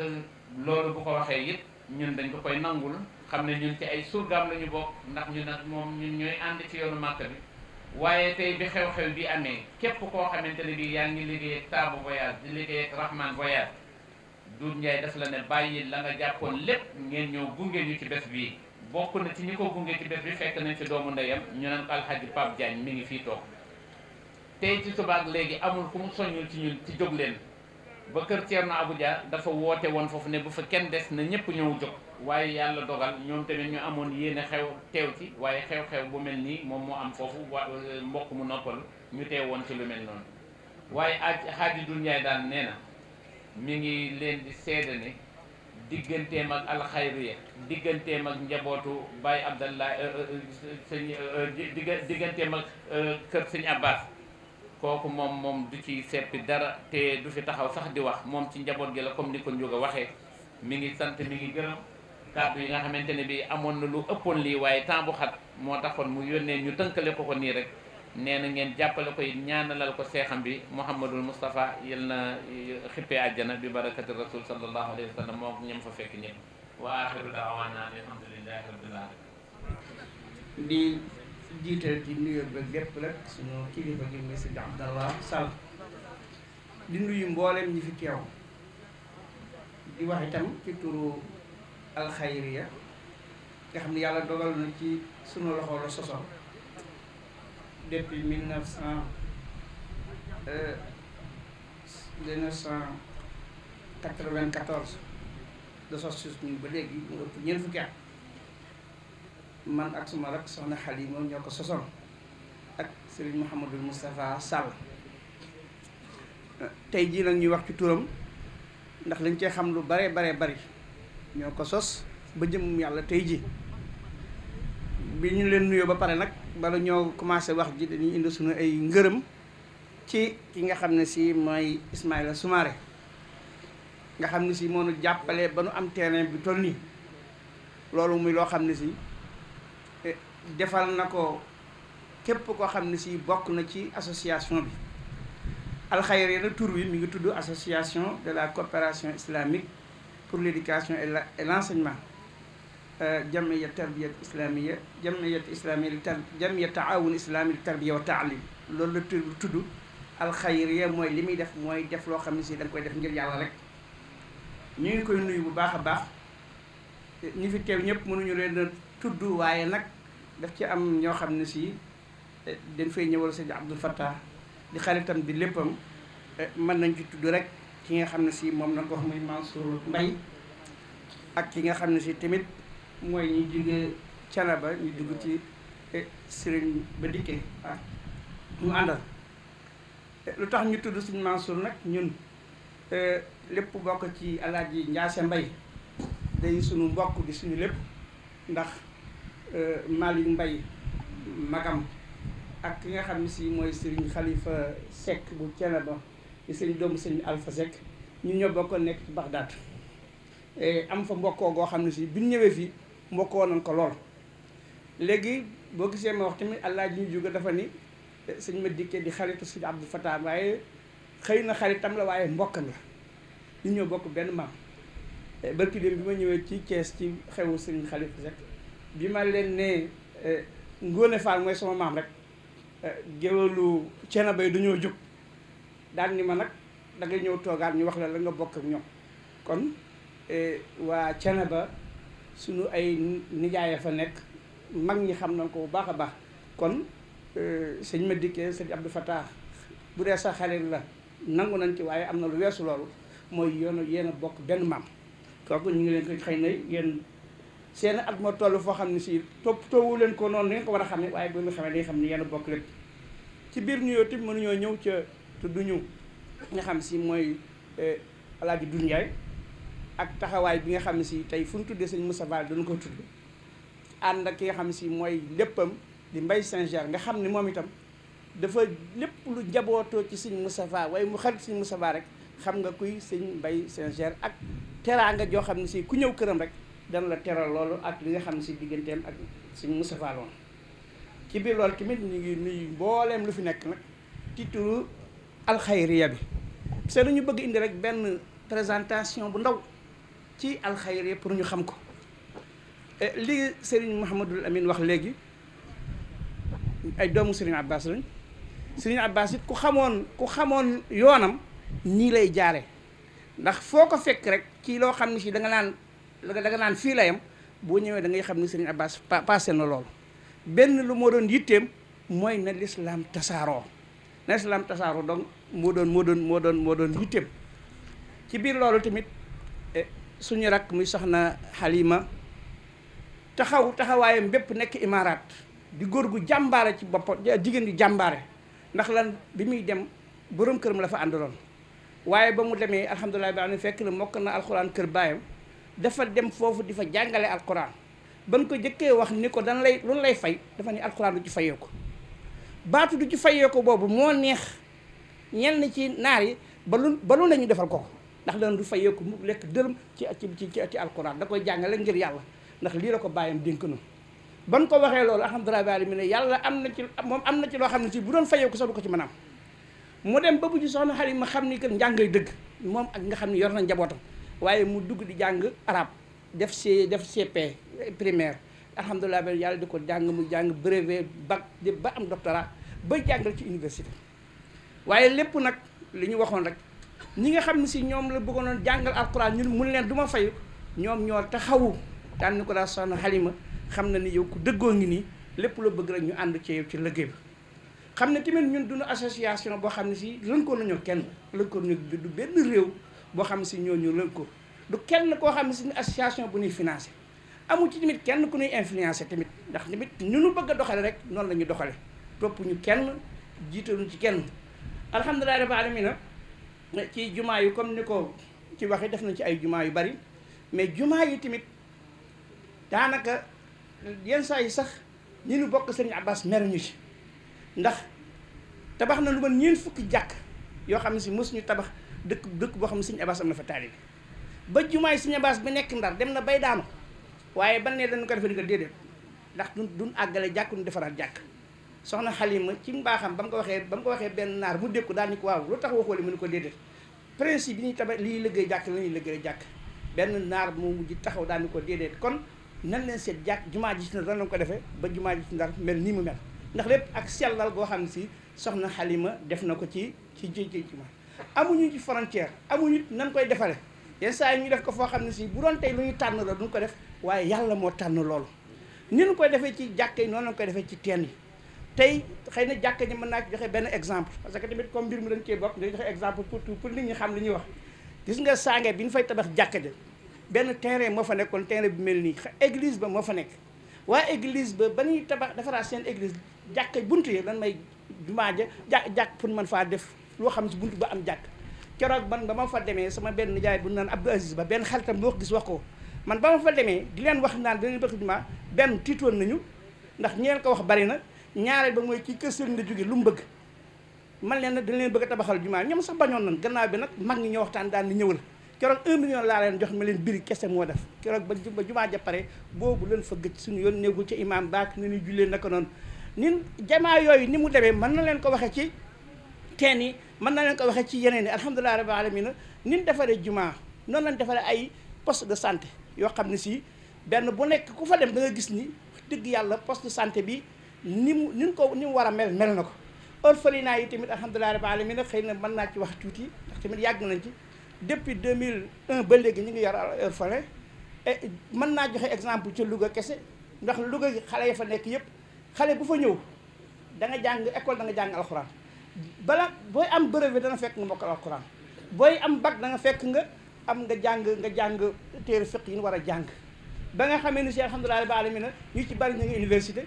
Speaker 10: loolu bu ko waxee it ñun dañ ko koy nangul xam ne ñun ci ay surgaam lañu ñu bokk ndax ñu nag moom ñun ñooy ànd ci yoonu màkk bi waaye tey bi xew-xew bi amee képp koo xamante ne bii yaa ngi liggéey ak taabu voyage di liggéey ak Rahman voyage Doudou Ndiaye la ne bàyyi la nga jàppoon lépp ngeen ñëw gunge ñu ci bés bii bokk na ci ñi ko gunge ci bés bi fekk nañ ci doomu ndeyam ñu naan ko alxaji Pape Diagne mi ngi fii toog tey ci subaak léegi amul ku mu soññul ci ñun ci jóg ba kër Thierno Abuja dafa woote woon foofu ne bu fa kenn des na ñëpp ñëw jóg waaye yàlla dogal ñoom tamit ñu amoon yéene xew teew ci waaye xew-xew bu mel nii moom moo am foofu wa euh, mbokk mu noppal ñu teew woon ci lu mel noonu waaye aj xaaji dun daan nee na mu ngi leen di seede ne digganteem ak alxayriya digganteem ak njabootu Baye Abdallah euh, euh, sëñ digganteem ak kër sëñ Abbas kooku moom moom du ci seppi dara te du fi taxaw sax di wax moom ci njaboot gi la comme ni ko Ndiouga waxee mi ngi sant mi ngi gërëm kàddu yi nga xamante ne bi amoon na lu ëppoon lii waaye temps xat moo taxoon mu yónnee ñu tënkale ko ko nii rek nee na ngeen jàppale ko it ñaanalal ko seexam bi Mouhamadul Moustapha yal na xippee àjjana bi barakati rasul sallallahu alayhi wa sallam moo ñam fa fekk ñëpp wa axiru daawaana alhamdulillahi rabbil alamin di
Speaker 11: jiital ci nuyoo ba lépp nag suñu kilifa gi muy sëñ Abdallah Sall di nuyu mboolem ñi fi teew di wax itam ci turu alxayriya nga xam ne yàlla dogal na ci sunu loxo la sosoon depuis mille neuf cent euh, deux neuf cent quatre-vingt-quatorze de sos suñu ba léegi mu ëpp ñeent fukki at man ak suma rak soxna Xalima ñoo ko sosoon ak sëriñ Mouhamadul Moustapha Sall tey jii nag ñuy wax ci turam ndax lañ cee xam lu bare bare bari ñoo ko sos ba jëm yàlla tey ji bi ñu leen nuyoo ba pare nag bala ñoo commencé wax ji dañuy indi suñu ay ngërëm ci ki nga xam ne si mooy Ismaïla Soumaré nga xam ne si moo nu jàppale ba nu am terrain bi toll nii loolu muy loo xam ne si defal na ko képp koo xam ne si bokk na ci association bi alxayri na tur wi mi ngi tudd association de la coopération islamique pour l'éducation et la l'enseignement euh, jamiya tarbiyat islamia jamiyat islamia li jamiya taawun islami li tarbiya wa taalim loolu la tur tudd alxayriya mooy li muy def mooy def loo xam ne si da koy def ngir yàlla rek ñu ngi koy nuyu bu baax a baax ñi fi teew ñëpp mënuñu leen a tudd waaye nag daf ci am ñoo xam ne si eh, dañ fay ñëwal sëñ Abdou Fattah di xaritam di léppam eh, mën nañ ci tudd rek ki nga xam ne si moom na ko wax muy Mansour Mbaye ak ki nga xam ne si tamit mooy ñu jóge Canaba ñu dugg ci eh, sëriñ ba dikkee waaw ah, mu àndal lu tax ñu tudd suñ Mansour nag ñun lépp bokk ci yi Njaase Mbay day suñu mbokk di suñu lépp ndax yu euh, mbay magam ak ki nga xam ne si mooy sëriñ xalifa Seck bu Thiénaba di sëriñ doom sëriñ alfa Seck ñun ñoo bokk nekk ci Bagdad am fa mbokkoo goo xam ne si bi ñëwee fii mbokkoo nañ ko lool léegi boo gisee ma wax tamit allah ji ñu jóge dafa ni eh, sëñ ma dikkee di xaritu sëñ Abdou Fatah waaye xëy na xaritam la waaye mbokk na ñu ñoo bokk benn maam eh, barki dem bi ma ñëwee ci Thiès ci xewu sëriñ Khalifa Seck bi ma leen ne eh, Ngoné Fall mooy sama maam rek eh, géwalu cena bay dañoo jóg daal ma nag dangay ñëw toogaat ñu wax la la nga bokk ak ñoom kon eh, waa cena ba suñu ay nijaaya fa nekk mag ñi xam nañ ko bu baax a baax kon sëñ ma dikkee sëñ Abdou Fatah bu dee sa xarit la nangu nañ ci waaye am na lu weesu loolu mooy yoon yéen bokk benn maam kooku ñu ngi leen ko xëy na yéen seen at ma toll foo xam ne si toppatoowu leen ko noonu ni nga ko war a xam ne waaye bu nga xamee dañuy xam ne yéen a bokk lépp ci biir nuyoo tamit mënuñoo ñëw ca tudd ñu nga xam si mooy eh, alaaji dunyaay ak taxawaay bi nga xam ne si tey fu ñu tuddee sëñ Moussa Fall ko tudd ànd ak ki nga xam si mooy léppam di mbay saint nga xam ni moom itam dafa lépp lu jabootoo ci sëñ Moussa Fall waaye mu xarit sëñ Moussa rek xam nga kuy sëñ Mbaye Saint-Germain ak teraanga joo xam ne si ku ñëw këram rek dana la teral loolu ak li nga xam ne si digganteem ak suñ Moustapha loon ci biir loolu tamit ñu ngi nuyu mbooleem lu fi nekk nag ci turu bi c'est lu bëgg indi rek benn présentation bu ndaw ci alxayriya pour ñu xam ko eh, li Serigne Mouhamadul Amine wax léegi ay doomu Serigne Abbas lañ Serigne Abbas it ku xamoon ku xamoon yoonam nii lay jaare ndax foo ko fekk rek ci loo xam ne si da naan la nga naan fii la yam boo ñëwee da ngay xam ni sëriñ Abbas passé na lool benn lu moo doon yitteem mooy na lislaam tasaaroo na lislaam tasaaroo donc moo doon moo doon moo doon moo doon yitteem ci biir loolu tamit eh, suñu rakk muy soxna Halima taxaw taxawaayam bépp nekk imaaraat di góor gu jàmbaare ci boppam jigéen di jàmbaare ndax lan bi muy dem borom këram la fa àndaloon waaye ba mu demee alhamdulilah bi am fekk na mokk na alxuraan kër baayam dafa dem foofu di fa jàngale alquran ban ko jëkkee wax ni ko dan lay loolu lay fay dafa ni alquran du ci fayee ko baatu du ci fayee ko boobu moo neex ñenn ci naar yi ba lu ba lu nañu defal ko ndax dana du fayee ko mu lekk dërëm ci ci ci alquran da koy jàngale ngir yàlla ndax lii la ko bàyyam dénk noonu ban ko waxee loolu alhamdulilah bi mu ne yàlla am na ci moom am na ci loo xam ne si bu doon fayee ko sax du ko ci mën am mu dem ba bu ci soxna xarit ma xam ni que njàngay dëgg moom ak nga xam ne yor na njabootam waaye mu dugg di jàng arab def C def CP primaire alhamdulilah ba yàlla di ko jàng mu jàng brevet bac ba am doctorat ba jàngal ci université waaye lépp nag li ñu waxoon rek ñi nga xam ne si ñoom la bëggoon jàngal alquran ñun mun leen du ma fayu ñoom ñoo taxawu daan ni ko daa soxna xalima xam na ni yow ku dëggoo ngi nii lépp la bëgg rek ñu ànd ci yow ci liggéey bi xam ne tamit ñun duñu association boo xam ne si lënkoo nañoo kenn lënkoo nañu du benn réew boo xam si ñooñu lël ko du kenn koo xam ne si association bu nuy financé amu ci tamit kenn ku ñuy influencé tamit ndax tamit ñu nu bëgg a doxale rek noonu lañu ñu doxale topp ñu kenn jiitaluñ ci kenn alhamdulilah rabbil alamin na ci jumaa yi comme ni ko ci yi def nañ ci ay jumaa yu bari mais jumaa yi tamit daanaka yenn saa yi sax ñu ñu bokk sëriñ Abbas mer ñu ci ndax tabax na lu mën ñeent fukki jàkk yoo xam ne si mosuñu tabax dëkk dëkk boo xam ne sëñ Abass am na fa taalibe ba jumaay sëñ Abass bi nekk ndar dem na bay daanu waaye ban ne dañ ko defee ni ko déedéet ndax du duñ àggale jàkk duñ defaraat jàkk soxna Xalima ci mbaaxam ba mu ko waxee ba mu ko waxee benn naar mu dékku daal ñu ko waaw lu tax waxoo li mu ne ko déedéet principe bi ñuy tabax liy liggéey jàkk la ñuy liggéey jàkk benn naar moo mujj taxaw daal ñu ko déedéet kon nan leen seet jàkk jumaa ji ci ndar nan ko defee ba jumaa ji ci mel nii mu mel ndax lépp ak sellal goo xam ne si soxna Xalima def na ko ci ci ci jumaa amuñu ci frontière amuñu nan koy defaree yenn saa yi ñu def ko foo xam ne si bu doon tey lu ñu tànn la ñu ko def waaye yàlla moo tànn loolu ni ñu koy defee ci jàkka yi noonu lañ koy defee ci teen yi tey xëy na jàkka ji mën naa joxe benn exemple parce que tamit comme mbir mi dañ cee bokk dañ joxe exemple pour tout xam li ñuy wax nga sànge bi ñu fay tabax jàkka benn terrain moo fa nekkoon terrain bu mel nii église ba moo fa nekk waa église ba ba ñuy tabax defaraat seen église jàkka bunt yi lan may jumaa ja jàkk pour mën faa def loo xam si buntu ba am jàkk keroog man ba ma fa demee sama benn nijaay bu naan Abdou Aziz ba benn xaritam boo wax gis wax ko man ba ma fa demee di leen wax naan dinañu bëgg jumaa benn tiitoon nañu ndax ñeen ko wax bari na ñaareel ba mooy kii kër sëriñ la jóge lu mu bëgg man leen nag dañ leen bëgg a tabaxal jumaa ñoom sax bañoon nañ gannaaw bi nag mag ñi ñoo waxtaan daan ni ñëwal keroog 1 million laa leen jox ma leen biri kese moo def keroog ba ba jumaa ja pare boobu leen fa gëj suñu yoon nekkul ca imaam baak na ni jullee naka noonu nin jamaa yooyu ni mu demee mën na leen ko waxee ci teen yi mën na leen ko waxee ci yeneen ni alhamdulilah rabbil alamin ni ñu defaree jumaa noonu lañ defaree ay poste de santé yoo xam ne si benn bu nekk ku fa dem da gis ni dëgg yàlla poste de santé bi ni mu ni ko ni mu war a mel mel na ko naa yi tamit alhamdulilah rabbil alamin xëy na mën naa ci wax tuuti ndax tamit yàgg nañ ci depuis 2001 ba léegi ñu ngi yor orphelin et mën naa joxe exemple ci Louga kese ndax Louga xale ya fa nekk yëpp xale bu fa ñëw da nga jàng école da nga jàng balaa booy am bërëb brevet dana fekk nga mokkal alxuraan booy am bac danga fekk nga am nga jàng nga jàng téere fiq yi ñu war a jàng ba nga xamee ni si alhamdulilah rabbil alamin ñu ci bari ñu ngi université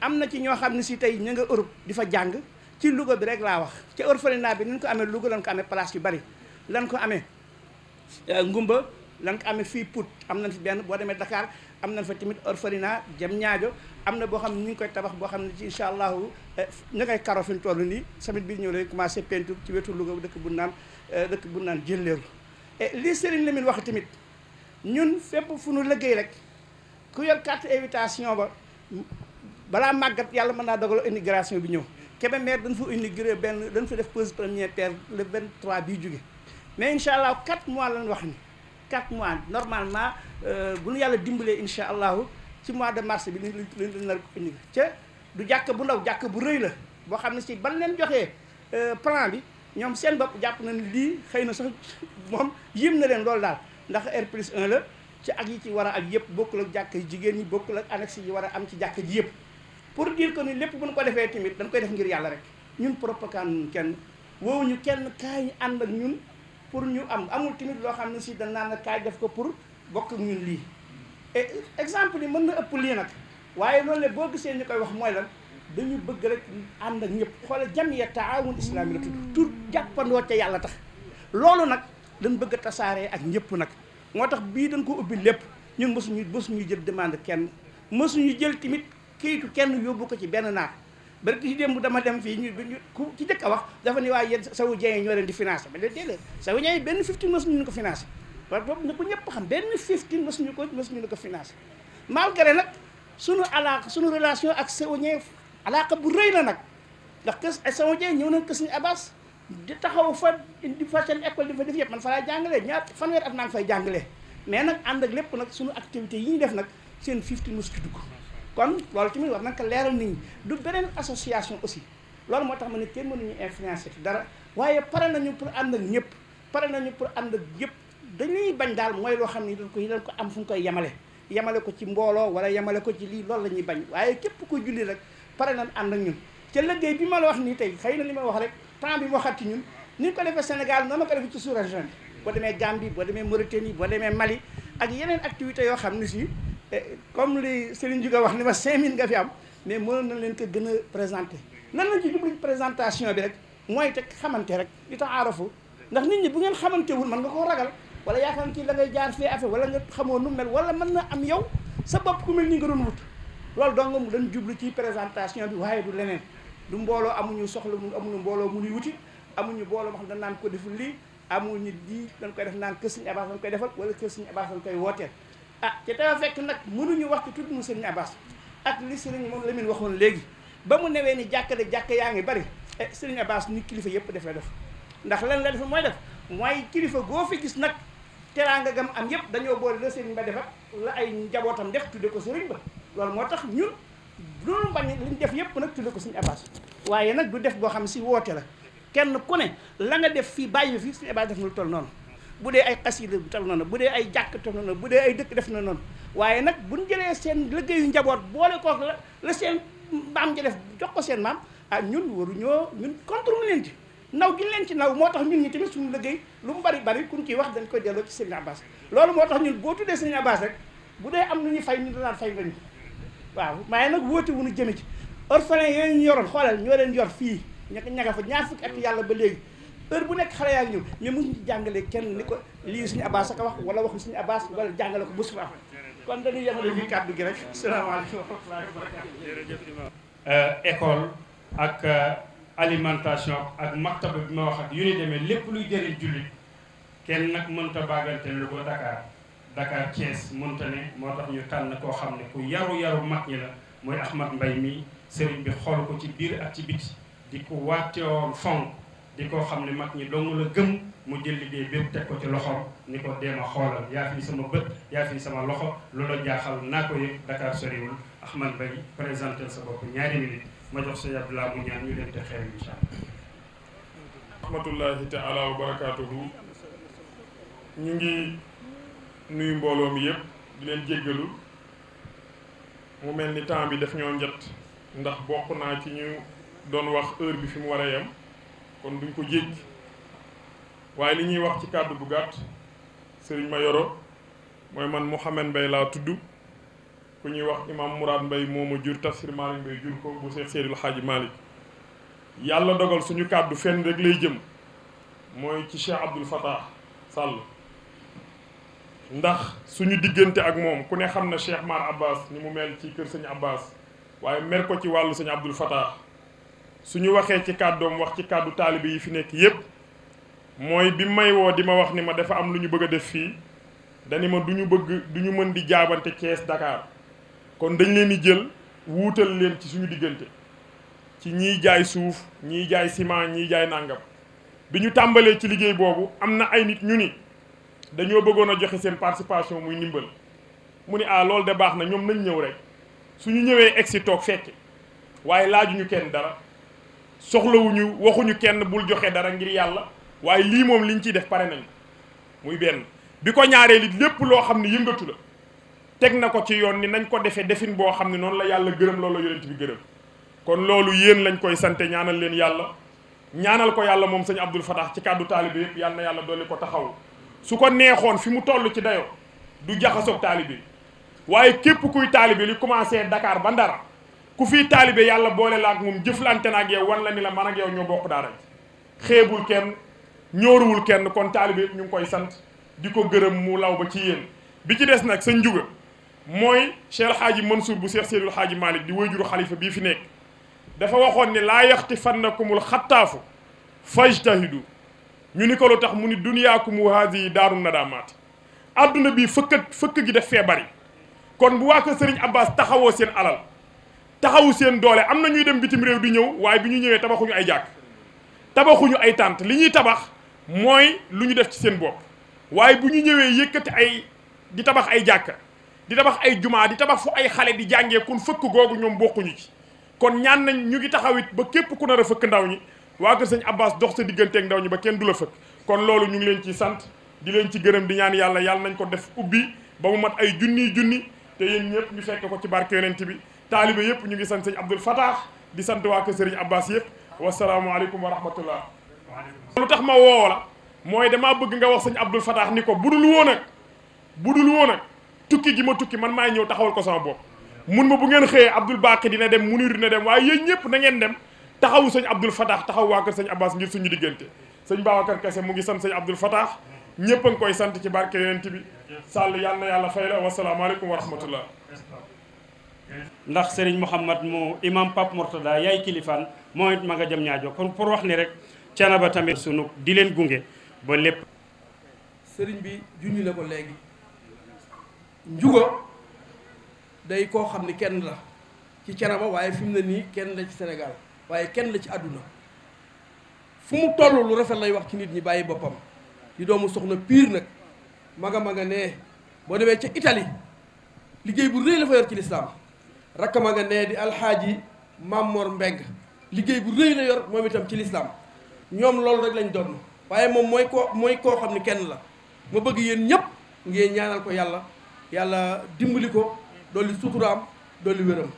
Speaker 11: am na ci ñoo xam ne si tey ñu nga Europe di fa jàng ci Louga bi rek laa wax ca orphelinat bi nañ ko amee Louga lan ko amee place yu bari lan ko amee eh, Ngumba lan ko amee fii Pout am na fi benn boo demee Dakar am nañ fa tamit orphelinat jëm ñaajo am na boo xam ne ñu ngi koy tabax boo xam ne ci incha allahu eh, ñu ngay karo fi ñu toll nii samit bi ñëw lay commencé peinture ci wetu Louga dëkk bu naan eh, dëkk bu naan jëlleeru et eh, lii Serigne wax tamit ñun fépp fu nu liggéey rek ku yor carte invitation ba balaa màggat yàlla mën naa dogal immigration bi ñëw Kébémer dañ fa inauguré benn dañ fa def pose première pierre le 23 bii jóge mais incha allah 4 mois lañ wax ni 4 mois normalement Euh, bu nu yàlla dimbalee incha allahu ci mois de mars bi li li nar ko indi ca du jàkk bu ndaw jàkk bu rëy la boo xam ne si ban leen joxee euh, plan bi ñoom seen bopp jàpp nañ lii xëy na sax *laughs* moom yim na leen loolu daal ndax R plus 1 la ci ak yi ci war a ak yëpp bokkul ak jàkk jigéen ñi bokkul ak annexe yi war a am ci jàkk ji yëpp pour dire que ni lépp bu ñu ko defee tamit dañ koy def ngir yàlla rek ñun propagande kenn kenn ñu kenn kaay ñu ànd ak ñun pour ñu am amul tamit loo xam ne si dañ naan kaay def ko pour bokk ak ñun lii exemple yi mën na ëpp lii nag waaye loolu boo gisee ñu koy wax mooy lan dañu bëgg rek ànd ak ñëpp xoola jamiya taawun islami la tudd tur jàppandoo ca yàlla tax loolu nag dañ bëgg a tasaaree ak ñëpp nag moo tax bii dañ ko ubbi lépp ñun mësuñu mësuñu jël demande kenn mësuñu jël tamit kayitu kenn yóbbu ko ci benn naat bari ci démb dama dem fii ñu ku ci jëkk a wax dafa ne waaye yéen sawu jeen ñoo leen di financé mais déedéet sawu jeen parce que na ko ñëpp xam benn fifteen mësuñu ko mësuñu la ko financé malgré nag suñu alaaka suñu relation ak saoudien alaaka bu rëy la nag ndax kës saoudien ñëw nañ kës ñu Abbas di taxaw fa di fa seen école di fa def man fa laa jàngalee ñaar fanweer at maa ngi jàngalee mais nag ànd ak lépp nag suñu activité yi def nag seen fifteen mësu ci kon loolu tamit war nañ ko leeral nit du beneen association aussi loolu moo tax ma ne kenn mënuñu influencé dara waaye pare nañu pour ànd ak ñëpp pare nañu pour ànd ak yëpp dañuy bañ daal mooy loo xam ni dañ ko dañ ko am fu ñu koy yemale yemale ko ci mbooloo wala yemale ko ci lii lool la ñuy bañ waaye képp ko julli rek pare nañ ànd ak ñun ca liggéey bi ma la wax nii tey xëy na li ma wax rek temps bi waxati ñun ni ko defee Sénégal noonu ko defee ci sous-région bi boo demee Gambie boo demee Mauritanie boo demee Mali ak yeneen activités yoo xam ne si eh, comme li Serigne Juga wax ni ma 5000 nga fi am mais mënoon nañ leen ko gën a présenté lan lañ ci jublu présentation bi rek mooy teg xamante rek di tax aarafu ndax nit ñi bu ngeen xamante wul mën nga koo ragal wala yaakaar ne kii la ngay jaar fee affaire wala nga xamoo nu mel wala mën na am yow sa bopp ku mel ni nga doon wut loolu dong dañ jublu ci présentation bi waaye du leneen du mbooloo amuñu soxla mun amuñu mbooloo mu ñuy wuti amuñu mbooloo wax dañ naan ko deful lii amuñu di dañ koy def naan kër Serigne Abass dañ koy defal wala kër Serigne Abass dañ koy wooteel ah te dafa fekk nag mënuñu wax ci tudd mu Serigne Abass ak li Serigne moom la min waxoon léegi ba mu newee ni jàkka de yaa ngi bari eh Serigne Abass ni kilifa yëpp def def ndax lan la def mooy def mooy kilifa goo fi gis nag teraanga gam am yëpp dañoo boole la sëriñ ba defat la ay njabootam def tudde ko sëriñ ba moo tax ñun loolu bañ liñ def yëpp nag tudde ko suñu abbas waaye nag du def boo xam si woote la kenn ku ne la nga def fii bàyyi fii suñu abbas def na lu noonu bu dee ay xasida bu toll noonu bu dee ay jàkk toll noonu bu dee dëkk def na noonu waaye nag buñ jëlee seen liggéeyu njaboot boole kook la la seen maam ja def jox ko seen maam ah ñun waruñoo ñun contre mu leen di naw gi leen ci naw moo tax ñun ñi tamit suñu liggéey lu mu bari bari kuñ ciy wax dañ koy delloo ci seen Abbas loolu moo tax ñun boo tuddee Serigne Abbas rek bu dee am lu ñuy fay ñu danaan fay nga ñu waaw maaye nag wóote wuñu jëme ci orphelin yooyu ñu yoroon xoolal ñoo leen yor fii ña ñaga fa ñaar fukki at yàlla ba léegi heure bu nekk xale yaa ngi ñëw mais mënuñu jàngale kenn ni ko lii suñu Abbas aka wax wala waxu suñu Abbas wala jàngale ko mosul am kon dañuy yemale
Speaker 1: fii alimentation ak maktaba bi ma wax ak yu ni demee lépp luy jëriñ jullit kenn nag mënta bàggante lu ko Dakar Dakar Thiès mënta ne moo tax ñu tànn koo xam ne ku yaru-yaru mag ñi la mooy Ahmad Mbay mi sëriñ bi xool ko ci biir ak ci biti di ko waatewoon fonk di koo xam ne mag ñi dong la gëm mu jël liggéey bépp teg ko ci loxoom ni ko deema xoolal yaa fi sama bët yaa fi sama loxo loola jaaxal naa ko yëg Dakar soriwul Ahmad Mbay présentel sa bopp ñaari ma jox
Speaker 7: sëñ Abdoulaye mu ñaan ñu leen te xeer wa barakaatuhu ñu ngi nuyu mbooloo mi yëpp di leen jéggalu mu mel ni temps bi daf ñoo njët ndax bokk naa ci ñu doon wax heure bi fi mu war a yem kon duñ ko jéggi waaye li ñuy wax ci kàddu bu gàtt sëriñ ma yoro mooy man Mouhamed Mbaye laa tudd ku ñuy wax imam mbay moo ma jur tafsir Malick Mbaye jur ko bu Seex Seydil Xaaji Malick yàlla dogal suñu kàddu fenn rek lay jëm mooy ci Cheikh Abdoul Fattah sàll ndax suñu diggante ak moom ku ne xam na Cheikh Mar Abbas ni mu mel ci kër sëñ Abbas waaye mer ko ci wàllu sëñ Abdoul Fattah suñu waxee ci kàddoom wax ci kàddu taalibe yi fi nekk yépp mooy bi may woo di ma wax ni ma dafa am lu ñu bëgg a def fii dani ma duñu bëgg duñu mën di jaabante Cees Dakar kon dañ leen di jël wuutal leen ci suñu diggante ci ñiy jaay suuf ñiy jaay ciment ñiy jaay nàngam bi ñu tàmbalee ci liggéey boobu am na ay nit ñu ni dañoo bëggoon a joxe seen participation muy ndimbal mu ne ah loolu de baax na ñoom nañ ñëw rek suñu ñëwee egsi toog fekke waaye laajuñu kenn dara soxlawuñu waxuñu kenn bul joxe dara ngir yàlla waaye lii moom liñ ciy def pare nañ muy benn bi ko ñaaree lit lépp loo xam ne yëngatu la teg na ko ci yoon ni nañ ko defee defin boo xam ne noonu la yàlla gërëm loolu la yonent bi gërëm kon loolu yéen lañ koy sante ñaanal leen yàlla ñaanal ko yàlla moom sëñ Abdul Fatah ci kàddu taalibe yëpp yàlla na yàlla ko taxaw su ko neexoon fi mu toll ci dayo du jaxasoog taalibe waaye képp kuy taalibe li commencé dakaar ba Ndar ku fii taalibe yàlla boole la ak moom jëflante na ak yow wan la ni la man ak yow ñoo bokk daara xeebul kenn ñóoruwul kenn kon taalibe yëpp ñu ngi koy sant di ko gërëm mu law ba ci yéen bi ci des nag sa njuga mooy Cheikh Xaaji Mansour bu Cheikh Seydil Xaaji Malick di wayjuru xalifa bii fi nekk dafa waxoon ne laa yaxtifannakumul xattaafu fajtahidu ñu ni ko lu tax mu ni dunyaakum haadihi daarun nadaamaat àdduna bi fëkk fëkk gi def feebar bari kon bu waa kër Serigne Abbas taxawoo seen alal taxawu seen doole am na ñuy dem bitim réew di ñëw waaye bu ñu ñëwee tabaxuñu ay jàkk tabaxuñu ay tànt li ñuy tabax mooy lu ñu def ci seen bopp waaye bu ñu ñëwee yëkkati ay di tabax ay jàkka di tabax ay jumaa di tabax fu ay xale di jàngee kon fëkk googu ñoom bokkuñu ci kon ñaan nañ ñu ngi taxawit ba képp ku nar a fëkk ndaw ñi waa kër sëñ Abbas dox sa digganteek ndaw ñi ba kenn du la fëkk kon loolu ñu ngi leen ci sant di leen ci gërëm di ñaan yàlla yàlla nañ ko def ubbi ba mu mat ay junniy junni te yéen ñëpp ñu fekk ko ci barke yonent bi taalibe yëpp ñu ngi sant sëñ Abdul Fatah di sant waa kër sëriñ Abbas yëpp wasalaamualeykum wa rahmatullah lu tax ma woo mooy damaa bëgg nga wax sëñ Abdul Fatah ni ko budul woon ak budul woon ak tukki gi ma tukki man maay ñëw taxawal ko sama bopp mun ma bu ngeen xëyee Abdoul Baqi dina dem mu Munir dina dem waaye yéen ñëpp na ngeen dem taxawu sëñ Abdoul Fatah taxaw waa kër sëñ Abbas ngir suñu diggante sëñ Babacar Kese mu ngi sant sëñ Abdoul Fatah ñëpp ngi koy sant ci barke yonent bi sàll yàlla yàlla fay la wasalaamaaleykum wa rahmatullah ndax sëriñ Mouhamad mu imam Pape Mourtada yaay
Speaker 1: kilifaan moo it ma nga jëm ñaajo kon pour wax ni rek Thiénaba tamit sunu di leen gunge ba lépp.
Speaker 12: bi juñu la ko léegi. njuga day koo xam ne kenn la ci Thiénaba waaye fi mu ne nii kenn la ci Sénégal waaye kenn la ci àdduna fu mu toll lu rafet lay wax ci nit ñi bàyyi boppam di doomu soxna piir nag maga maga nee boo demee ca itali liggéey bu rëy la fa yor ci lislaam rakka ma nga nee di alxaaji Mamor Mbeng liggéey bu rëy la yor moom itam ci lislaam ñoom loolu rek lañ doon waaye moom mooy koo mooy koo xam ni kenn la ma bëgg yéen ñëpp ngeen ñaanal ko yàlla yàlla dimbali ko dolli am dolli wéram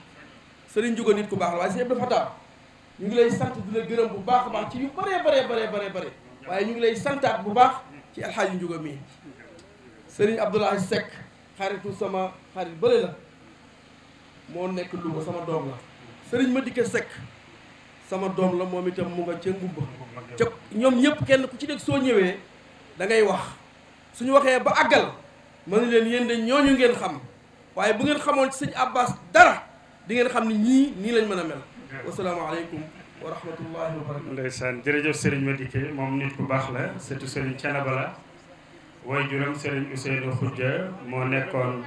Speaker 12: sëriñ Ndiouga nit ku baax la waaye sëñ Abdou Fatah ñu ngi lay sant di la gërëm bu baax a baax ci yu bëree bëree bëree bëree waaye ñu ngi lay santaat bu baax ci alxaaji Ndiouga mii sëriñ Abdoulaye Seck xaritu sama xarit bële la moo nekk Louga sama doom la sëriñ ma dikk Seck sama doom la moom itam mu nga ca ngumba ca ñoom ñëpp kenn ku ci nekk soo ñëwee da ngay wax suñu waxee ba àggal mën na leen yéen de ñooñu ngeen xam waaye bu ngeen xamoon ci sëñ Abbas dara di ngeen xam ne ñii nii lañ mën a mel wasalaamaaleykum
Speaker 1: wa rahmatullahi wa barakatu ndeysaan jërëjëf sëriñ Madike moom nit ku baax la surtout sëriñ Canaba la way juróom sëriñ Ousseynou Khoudia moo nekkoon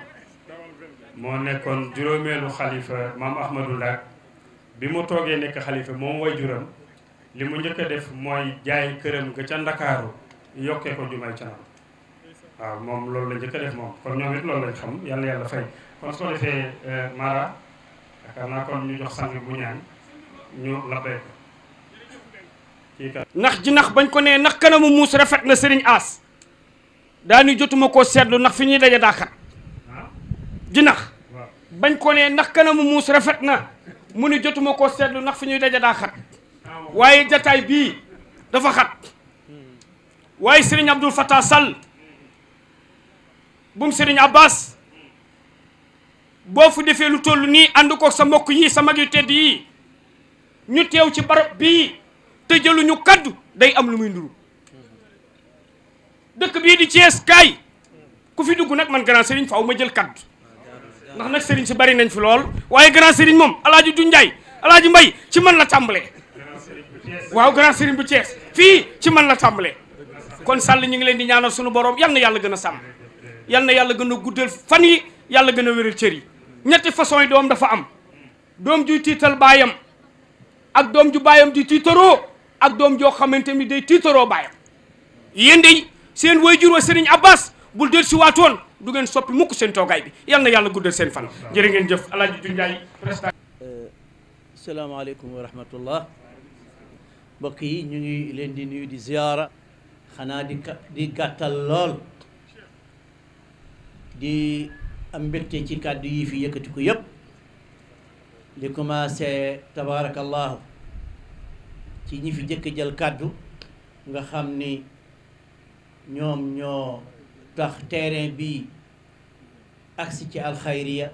Speaker 1: moo nekkoon juróomeelu xalifa maam Ahmadou Ndak bi mu toogee nekk xalifa moom way juróom li mu njëkk def mooy jaay këram ga ca Ndakaaru yokkee ko jumaay Canaba waaw moom loolu la njëkk a def moom kon ñoom it loolu lañ xam yàlla yàlla fay kon su defee euh, Mara yaakaar kon ñu jox sang bu ñaan ñu labbee ko ndax jinax
Speaker 13: bañ ko nee ndax kanamu muus rafet na sëriñ aas daani jotuma koo seetlu ndax fi ñuy daje daaxar ji nax bañ ko nee ndax kanamu muus rafet na mu ni jotuma koo seetlu ndax fi ñuy daje daa xat ah, waaye jataay bii dafa xat hmm. waaye sëriñ Abdul Fattah Sall bum sëriñ baas boo fu defee lu toll nii ànd ko sa mbokk yii sa mag yu tedd yii ñu teew ci barab bii te jëluñu kaddu day am lu muy nduru dëkk bii di cees kaay ku fi dugg nag man grand sëriñ faaw ma jël kaddu ndax nag sëriñ si bari nañ fi lool waaye grand sëriñ moom alaaji du Njaay alaaji Mbay ci man la tàmbalee waaw grand sëriñ bu Thiès fii ci man la tàmbalee kon sàll ñu ngi leen di ñaanal sunu borom yal na yàlla gën a sàmm yal na yàlla gën a guddal fan yi yàlla gën a wéral yi ñetti façon yi doom dafa am doom juy tiital baayam ak doom ju baayam di tiitaroo ak doom joo xamante ni day tiitaroo baayam yéen de seen waajur wa Serigne Abbas bul del si waatoon du ngeen soppi mukk seen toogaay bi yal na yàlla guddal seen fan jërë ngeen
Speaker 14: jëf alaaj Doudou Ndiaye président euh, salaamaaleykum mbokk yi ñu ngi leen di nuyu di ziyaara xanaa di di lool di am mbégte ci kàddu yi fi yëkkatiku yépp li commencé tabaarakallaahu ci ñi fi jëkk jël kàddu nga xam ni ñoom ñoo tax terrain bi agsi ci alxayriya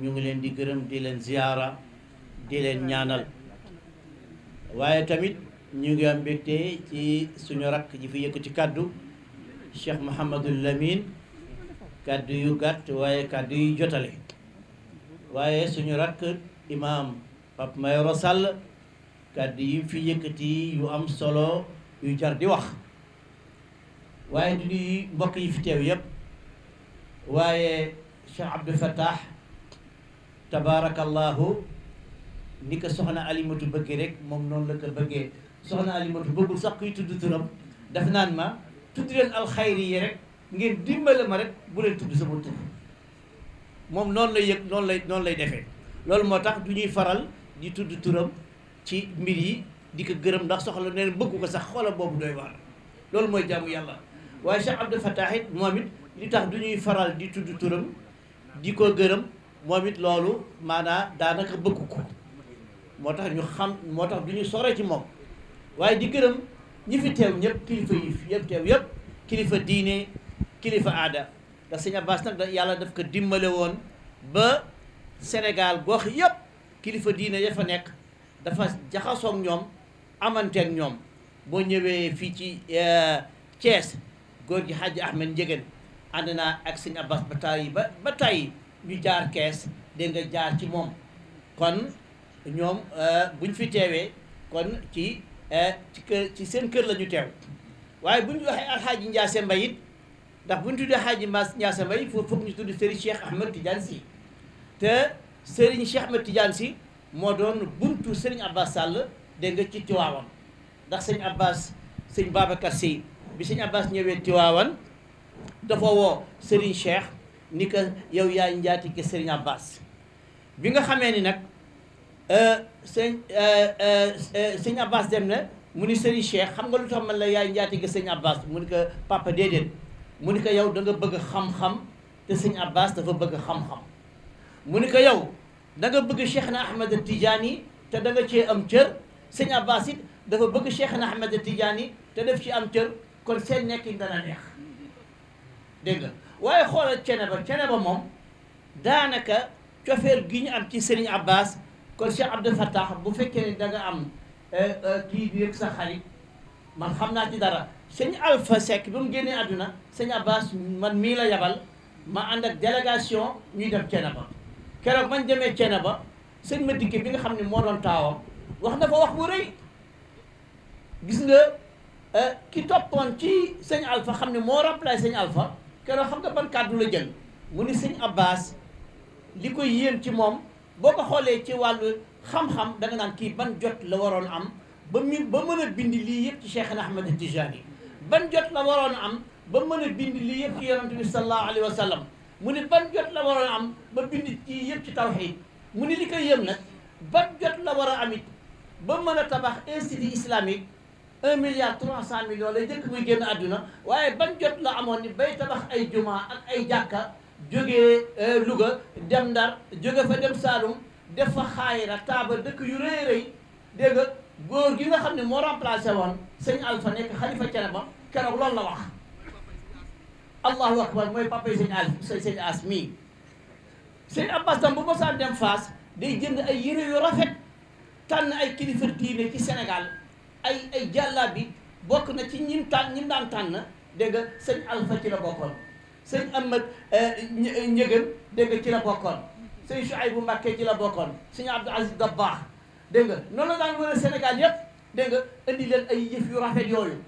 Speaker 14: ñu ngi leen di gërëm di leen ziyaara di leen ñaanal waaye tamit ñu ngi am mbégte ci suñu rakk ji fi yëkkati kàddu Cheikh Mouhamadul Lamine kàddu yu gàtt waaye kàddu yu jotale waaye suñu rakk imaam Pape Mayoro Sall kàddu yi fi yëkkati yu am solo yu jar di wax waaye du nuyu mbokk yi fi teew yépp waaye Cheikh Abdou Fattah tabarakallahu ni ko soxna alimatu bëggee rek moom noonu la ko bëggee soxna alimatu bëggul sax kuy tudd turam daf naan ma tudd leen alxayri yi rek ngeen dimbale ma rek bu leen tudd sama tur moom noonu la yëg noonu lay noonu lay defe loolu moo tax du ñuy faral di tudd turam ci mbir yi di ko gërëm ndax soxla neen bëgg ko sax boobu doy waar loolu mooy jaamu yàlla waaye Cheikh Abdou Fattah it moom it tax du faral di tudd turam di ko gërëm moom loolu maanaa daanaka bëggu ko moo tax ñu xam moo tax du ñu sore ci moom waaye di gërëm ñi fi teew ñëpp kilifa yi yëpp teew yëpp kilifa diine kilifa aada ndax sëñ Abbas nag yàlla daf ko dimbale woon ba Sénégal gox yépp kilifa diine ya fa nekk dafa jaxasoog ñoom amanteeg ñoom boo ñëwee fii ci eh, Thiès góor gi Hadj Ahmed Ndiéguène ànd naa ak sëñ Abbas ba tàyyi ba ba tàyyi ñu jaar kees dégg nga jaar ci moom kon ñoom eh, buñ fi teewee kon ci eh, ci kër ci seen kër la ñu teew waaye buñ waxee alxaaji Njaase Mbay ndax bu ñu tuddee xaaji Mass ñaase Mbaye foofu foog ñu tudd Serigne Cheikh Ahmed Tidiane Sy te Serigne Cheikh Ahmed Tidiane Sy moo doon buntu Serigne Abbas Sall dégg nga ci Tiwaawan ndax sëñ Abbas sëñ Babacar Sy bi sëñ Abbas ñëwee Tiwaawan dafa woo Serigne Cheikh ni ko yow yaa njaatige Serigne Abbas bi nga xamee ni nag sëñ euh, sëñ euh, euh, Abbas dem na mu ni Serigne Cheikh xam nga lu tax man la yaay njaatige Serigne Abbas mu ni ko papa déedéet. mu ni ko yow da bëgg xam-xam te sëñ Abbas dafa bëgg xam-xam mu ni ko yow da nga bëgg Cheikh na Ahmed Tidiane te danga cee am cër sëñ Abbas it dafa bëgg Cheikh na Ahmed Tidiane te def ci am cër kon seen nekkin dana neex dégg nga waaye xoolal cene ba cene moom daanaka cofeel gi ñu am ci Serigne Abbas kon Cheikh Abdou Fattah bu fekkee da nga am eh, eh, kii bi yëg sa xarit man xam naa ci dara sëñ Alpha Seck ba mu génnee àdduna sëñ Abbas man mii la yabal ma ànd ak délégation ñuy dem Thiénaba keroog man demee Thiénaba sëñ Madické bi nga xam ne moo doon taawam wax na fa wax bu rëy gis nga euh, ki toppoon ci sëñ Alpha xam ne moo remplacé sëñ Alpha keroog xam nga ban kàddu la jël mu ni sëñ Abbas li ko yéem ci moom boo ko xoolee ci wàllu xam-xam da nga naan kii ban jot la waroon am ba mi ba mën a bind lii yëpp ci Cheikh Ahmed Tijani ban jot la waroon am ba mën a bind lii yëpp ci yonent bi sallallahu alayhi sallam mu ni ban jot la waroon am ba bind ci yëpp ci tawxiid mu ni li koy yëm na ban jot la war a am it ba mën a tabax institut islamique un milliard trois cent millions lay dëkk muy génn àdduna waaye ban jot la amoon ni bay tabax ay juma ak ay jàkka jógee euh, Louga dem Ndar jóge fa dem Saalum def fa xaayira taaba dëkk yu rëy rëy dégg nga gi nga xam ne moo remplacé woon sëñ Alpha nekk xalifa keroog loolu la wax allahu akbar mooy papay sëñ as sëñ as mii sëñ abbas tam bu mosaan dem Fass day jënd ay yére yu rafet tànn ay kilifa diine fi Sénégal ay ay jàllaa bi bokk na ci ñim tànn ñim daan tànn dégg nga sëñ alfa ci la bokkoon sëñ amad njëgën eh, eh, dégg nga ci la bokkoon sëñ Chouaïbou Mbacké ci la bokkoon sëñ Abdou Aziz Dabakh dégg nga noonu la daan wër Sénégal yépp dégg nga indi leen ay yëf yu rafet yooyu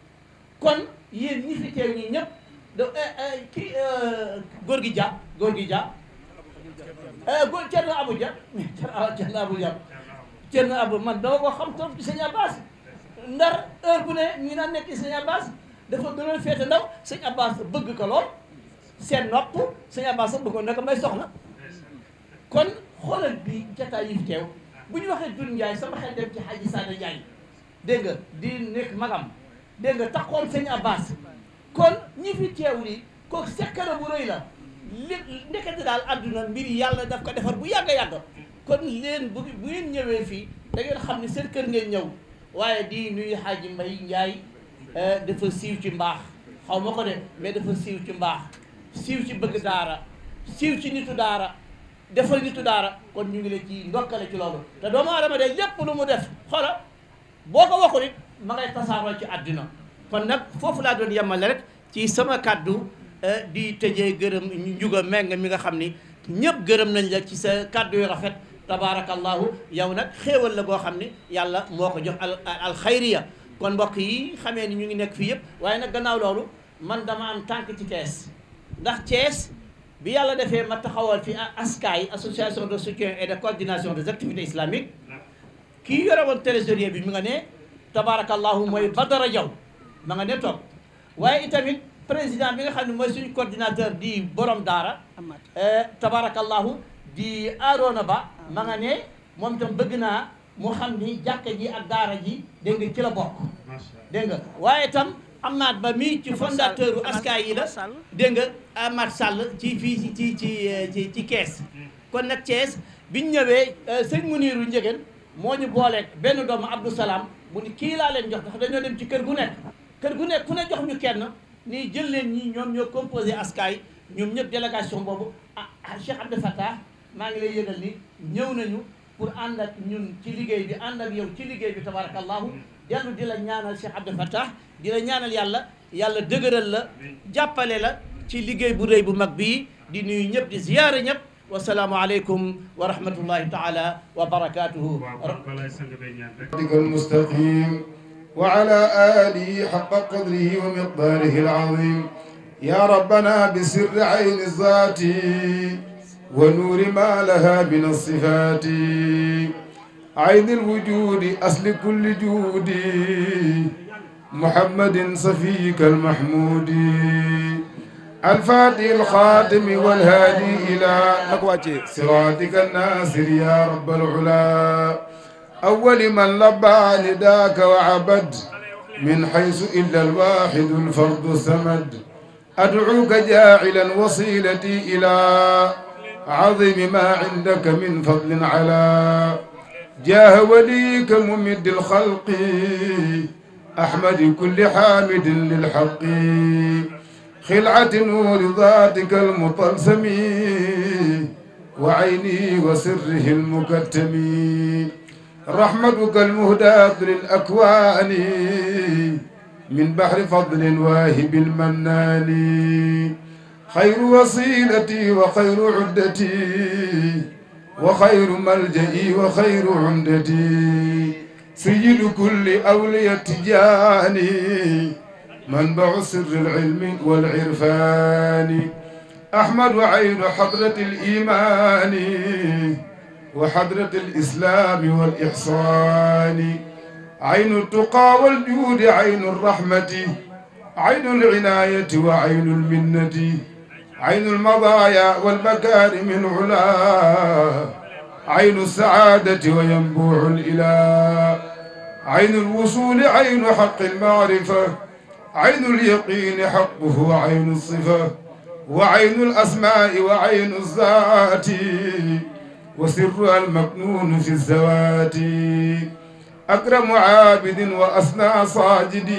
Speaker 14: kon yéen ñi fi teew ñi ñëpp da eh, eh, kii eh, góor gi Dia góor gi Dia góor Thierno Abou Dia *laughs* ah, Thierno Abou Dia Thierno Abou man dama ko xam trop ci sëñ ndar heure bu ne ñi naan nekk ci sëñ dafa gënoon féete ndaw sëñ Abbas bëgg ko lool seen nopp sëñ Abbas sax du ko nekk may soxna kon xoolal bi jataay yi fi teew bu ñu waxee Doudou Ndiaye sama xel dem ci Hadji Sada Ndiaye dégg nga di nekk magam dégg nga taxoon sëñ Abbas kon ñi fi teew nii kooku sekkara bu rëy la li ndekete daal àdduna mbir yàlla daf ko defar bu yàgg yàgg kon leen bu bu ngeen ñëwee fii da ngeen xam ne seen kër ngeen ñëw waaye di nuyu xaaji Mbay Njaay eh, dafa siiw ci mbaax xaw ma ko de mais dafa siiw ci mbaax siiw ci bëgg daara siiw ci nitu daara defal nitu daara kon ñu ngi leen ci ndokkale ci loolu te doomu aadama de lépp lu mu def xoola boo ko waxul ma ngay tasaaroo ci àddina kon nag foofu laa doon yemale rek ci sama kàddu eh, di tëjee gërëm njuga meng mi nga xam ni ñëpp gërëm nañ la ci sa kàddu yu rafet tabaarakallahu yow nag xéewal la goo xam ni yàlla moo ko jox al alxayriya kon mbokk yi xamee ni ñu ngi nekk fii yëpp waaye nag gannaaw loolu man dama am tànk ci Thiès ndax Thiès bi yàlla defee ma taxawal fi ASCAI association de soutien et de coordination des activités islamiques kii yore woon trésorier bi mi nga ne tabaarakallaahu mooy Badara Diaw ma nga ne toog waaye itamit président bi nga xam ne mooy suñu coordinateur di borom daara eh, tabaarakallaahu di Arona Ba ma nga ne moom itam bëgg naa mu xam ni jàkka ji ak daara ji dégg nga ci la bokk dégg nga waaye itam Amath Ba mii ci fondateur u aska yi la dégg nga Amath Sall ci fii ci ci ci kees hmm. kon nag Thiès biñ ñëwee eh, sëñ Muniru Njëgeen moo ñu booleeg benn doomu Abdou Salam mu ni kii laa leen jox ndax dañoo dem ci kër gu nekk kër gu nekk ku ne jox ñu kenn nii jël leen ñii ñoom ñoo composé askaay ñoom ñëpp délégation boobu ah, ah Cheikh Abdou Fattah maa ngi lay yëgal ni ñëw nañu pour ànd ak ñun ci liggéey bi ànd ak yow ci liggéey bi tabarakallahu dellu di la ñaanal Cheikh Abdou Fattah di la ñaanal yàlla yàlla dëgëral la jàppale la ci liggéey bu rëy bu mag bii di nuyu ñëpp di ziyaare ñëpp wasalaamualeykum wa rahmatullahi taala wa barakaatuhu
Speaker 6: digal mustaqim wa ala alihi haqqa qadrihi wa miqdaarihi al-azim ya rabbana bi sirri ayni zaati wa nuuri ma laha min as-sifaati ayni al-wujudi asli kulli juudi muhammadin safiyika al-mahmudi الفاتح الخاتم والهادي إلى صراطك الناصر يا رب العلا أول من لبى نداك وعبد من حيث إلا الواحد الفرد الصمد أدعوك جاعلا وصيلتي إلى عظيم ما عندك من فضل على جاه وليك ممد الخلق أحمد كل حامد للحق خلعة نور ذاتك المطلسم وعيني وسره المكتم رحمتك المهداة للأكوان من بحر فضل واهب المنان خير وصيلتي وخير عدتي وخير ملجئي وخير عمدتي سيد كل أولية جاني منبع سر العلم والعرفان أحمد وعين حضرة الإيمان وحضرة الإسلام والإحسان عين التقى والجود عين الرحمة عين العناية وعين المنة عين المضايا والمكارم العلا عين السعادة وينبوع الإله عين الوصول عين حق المعرفة عين اليقين حقه عين الصفة وعين الأسماء وعين الذات وسرها المكنون في الزوات أكرم عابد وأثنى صاجد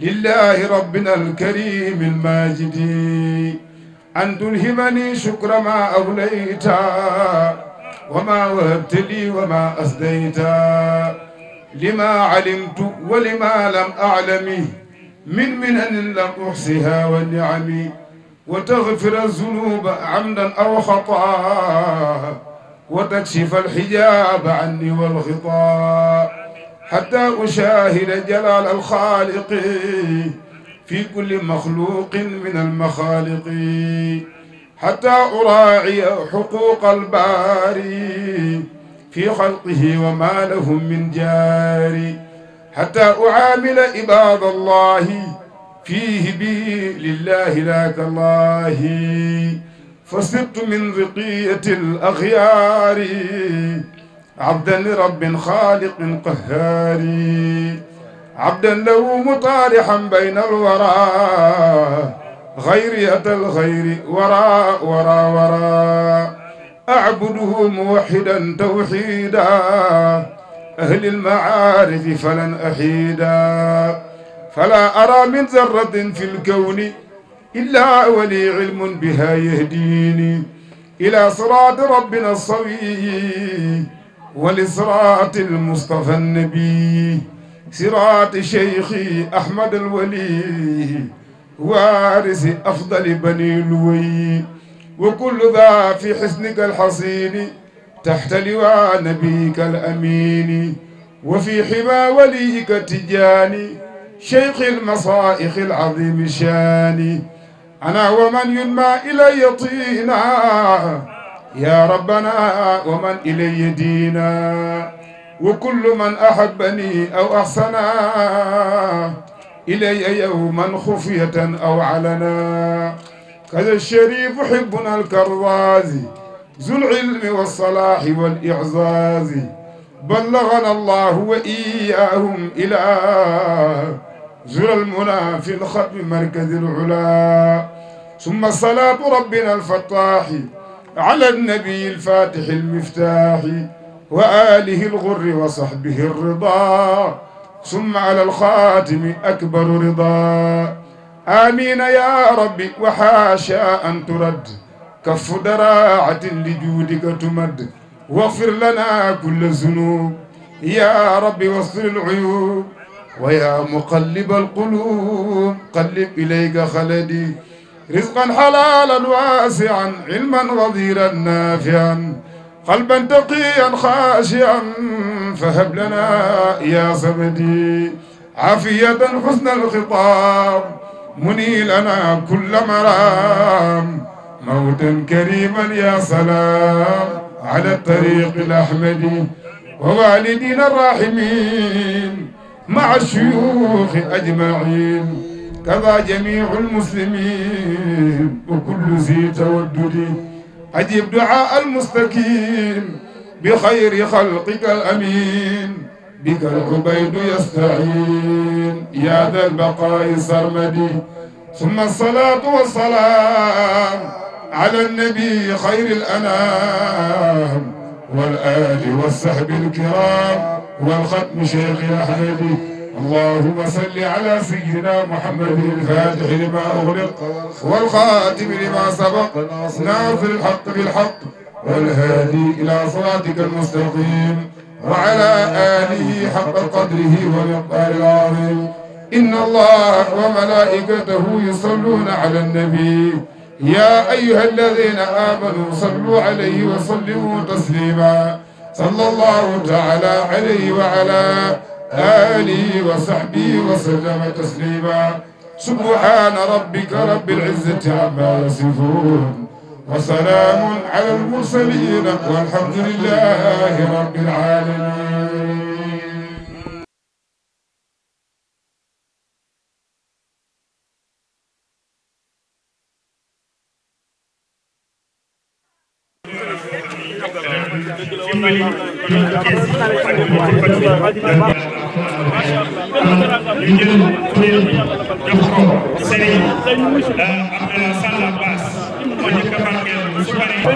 Speaker 6: لله ربنا الكريم الماجد أن تلهمني شكر ما أوليت وما وهبت لي وما أسديت لما علمت ولما لم أعلم من منن لم أحصها والنعم وتغفر الذنوب عمدا أو خطأ وتكشف الحجاب عني والغطاء حتى أشاهد جلال الخالق في كل مخلوق من المخالق حتى أراعي حقوق الباري في خلقه وما لهم من جاري حتى أعامل عباد الله فيه بي لله لا كالله فصرت من رقية الأخيار عبدا لرب خالق قهار عبدا له مطارحا بين الورى غير أتى الغير ورا ورا ورا, ورا أعبده موحدا توحيدا أهل المعارف فلن أحيدا فلا أرى من ذرة في الكون إلا ولي علم بها يهديني إلى صراط ربنا الصوي ولصراط المصطفى النبي صراط شيخي أحمد الولي وارث أفضل بني الولي وكل ذا في حسنك الحصين تحت لواء نبيك الأمين وفي حبا وليك تجاني شيخ المصائخ العظيم الشاني أنا ومن ينمى إلي طينا يا ربنا ومن إلي دينا وكل من أحبني أو أحسنا إلي يوما خفية أو علنا كذا الشريف حبنا الكروازي ذو العلم والصلاح والإعزاز بلغنا الله وإياهم إلى زر المنى في الختم مركز العلا ثم صلاة ربنا الفتاح على النبي الفاتح المفتاح وآله الغر وصحبه الرضا ثم على الخاتم أكبر رضا آمين يا ربي وحاشا أن ترد كف دراعة لجودك تمد واغفر لنا كل الذنوب يا ربي واستر العيوب ويا مقلب القلوب قلب إليك خلدي رزقا حلالا واسعا علما غزيرا نافعا قلبا تقيا خاشعا فهب لنا يا سبدي عافية حسن الخطاب مني لنا كل مرام موتا كريما يا سلام على الطريق الأحمدي ووالدينا الراحمين مع الشيوخ أجمعين كذا جميع المسلمين وكل ذي تودد أجب دعاء المستقيم بخير خلقك الأمين بك العبيد يستعين يا ذا البقاء سرمدي ثم الصلاة والسلام على النبي خير الأنام والآل والصحب الكرام والختم شيخ أحمد اللهم صل على سيدنا محمد الفاتح لما أغلق والخاتم لما سبق ناصر الحق بالحق والهادي إلى صراطك المستقيم وعلى آله حق قدره ومقدار العظيم إن الله وملائكته يصلون على النبي يا أيها الذين آمنوا صلوا عليه وسلموا تسليما صلى الله تعالى عليه وعلى آله وصحبه وسلم تسليما سبحان ربك رب العزة عما يصفون وسلام على المرسلين والحمد لله رب العالمين
Speaker 4: ñu jël
Speaker 1: kuréel jox ko Serigne Abdoulaye Sall Bass kon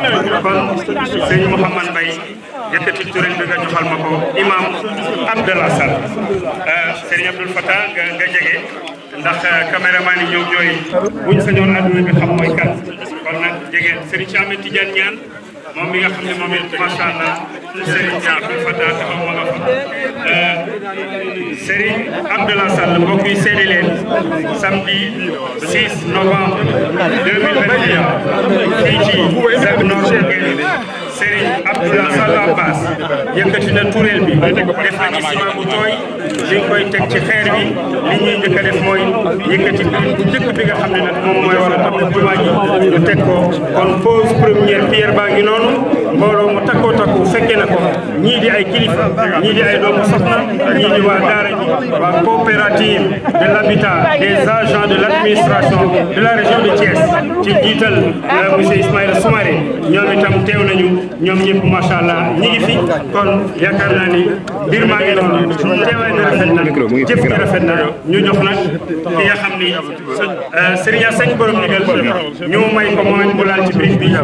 Speaker 1: sëñ Mouhamad Mbaye yëkkati turel bi nga joxal ma ko imam Abdallah Sall euh, sëñ Abdoul Fattah nga nga jege ndax euh, caméraman yi ñoom ñooy buñ sañoon bi xam mooy kan
Speaker 7: jege sëriñ Cheikh Ahmed moom mi nga xam ne moom it macha allah Serigne Diakhoune Fatick ak moom nga
Speaker 4: fa.
Speaker 1: Serigne Abdallah Sall mbokk yi seede leen
Speaker 4: samedi 6 novembre 2021 fii ci Nord
Speaker 1: Serigne Abdoulaye Sall Abbas yëkkati na tureel bi def na gisement tooy li koy teg ci xeer bi li ñuy a def mooy yëkkati bu njëkk bi nga xam ne nag moom mooy war a tabax jumaa ji ñu teg ko kon pose première pierre baa ngi noonu mbooloo mu takkoo takku fekke na ko ñii di ay kilifa ñii di ay doomu soxna ñii di waa daara ji waa coopérative de l'habitat des agents de l'administration de la région de Thiès ci jiital monsieur Ismaïla Soumaré ñoom itam teew nañu ñoom ñëpp macha allah ñi ngi fi kon yaakaar naa ni mbir maa ngi noonu suñu teewaay bi rafet na jëf gi rafet na ñu jox nag ni Serigne Borom ñu may ko moom it mu ci brique bi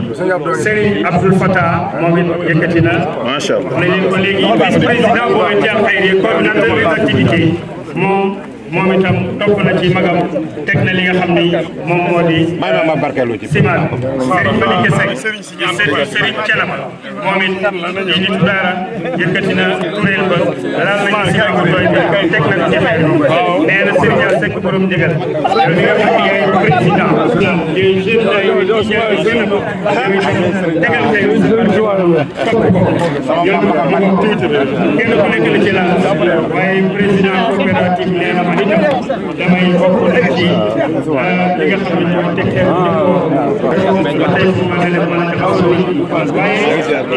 Speaker 1: Serigne Abdoul Fattah moom it yëkkati na. macha allah wax ko léegi vice président boobu Ndiaye Khayri coordinateur des activités moom. moom itam topp na ci magam teg na li nga xam ni moom moo di. may ma ma barkeelu ci Simaat Serigne Malick Seck
Speaker 4: Serigne Serigne Thiénaba
Speaker 1: moom it di nitu daara yëkkati na kuréel ba laal
Speaker 4: nañu si yëngu tooy bi teg na ko ci xel nee na Serigne Al
Speaker 1: Seck borom ndigal
Speaker 4: yow li nga xam ne yaay président yow jeune la yow jeune la tegal tey topp ko yow du ko tuuti kenn ku nekk la ci laal waaye président coopérative nee na
Speaker 1: bi ñu damay bokk nag ci li nga xam ne mooy tegtal bi ko ba tey bu ma ne leen mën a taxaw si waaye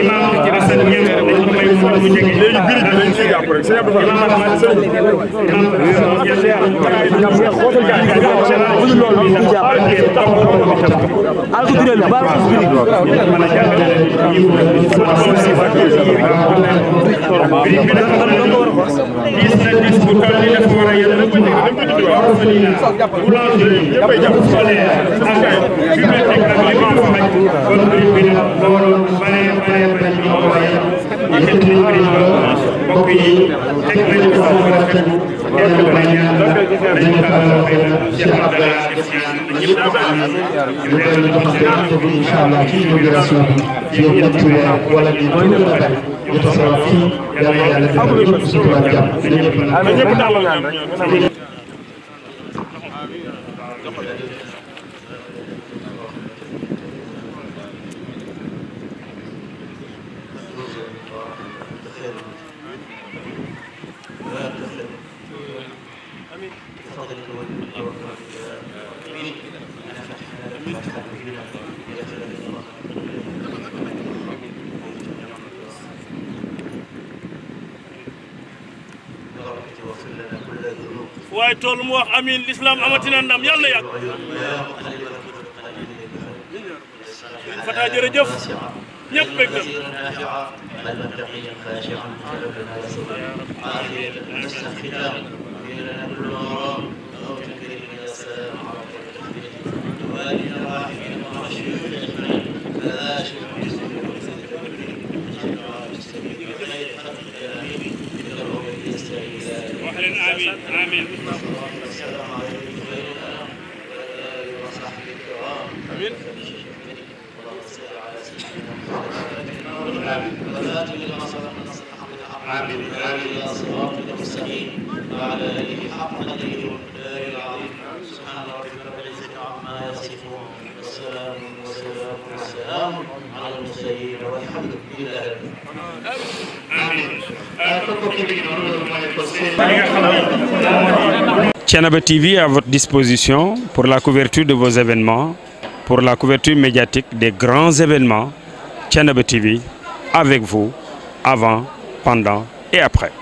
Speaker 1: imaam ci asal ñëw dañ ko may mu mu jege léegi biir bi dañ ci jàpp rek sëñ Abdou Fall imaam ma sëñ imaam yàlla yàlla
Speaker 4: yàlla boulangerie yëppay jàpp scolaire engrais bibliothèque ak li maa faj kon mbir bi nag
Speaker 9: la waroon bare bare bare ñu ko waaye ñu xet nañ mbir yi mbokk yi teg nañu ko sax rafet ñu ngi toll mu wax amin l'islam amatina ndam
Speaker 14: yàlla na yàgg fata jërëjëf ñëpp bëgg na آمين آمين آمين آمين آمين آمين يا صراط المستقيم وعلى آله حق قدره والمقدار العظيم سبحان ربك رب العزة عما يصفون والسلام والسلام على المرسلين والحمد
Speaker 1: à votre disposition pour la couverture de vos événements, pour la couverture médiatique des grands événements. Thiénaba TV avec vous avant, pendant et après.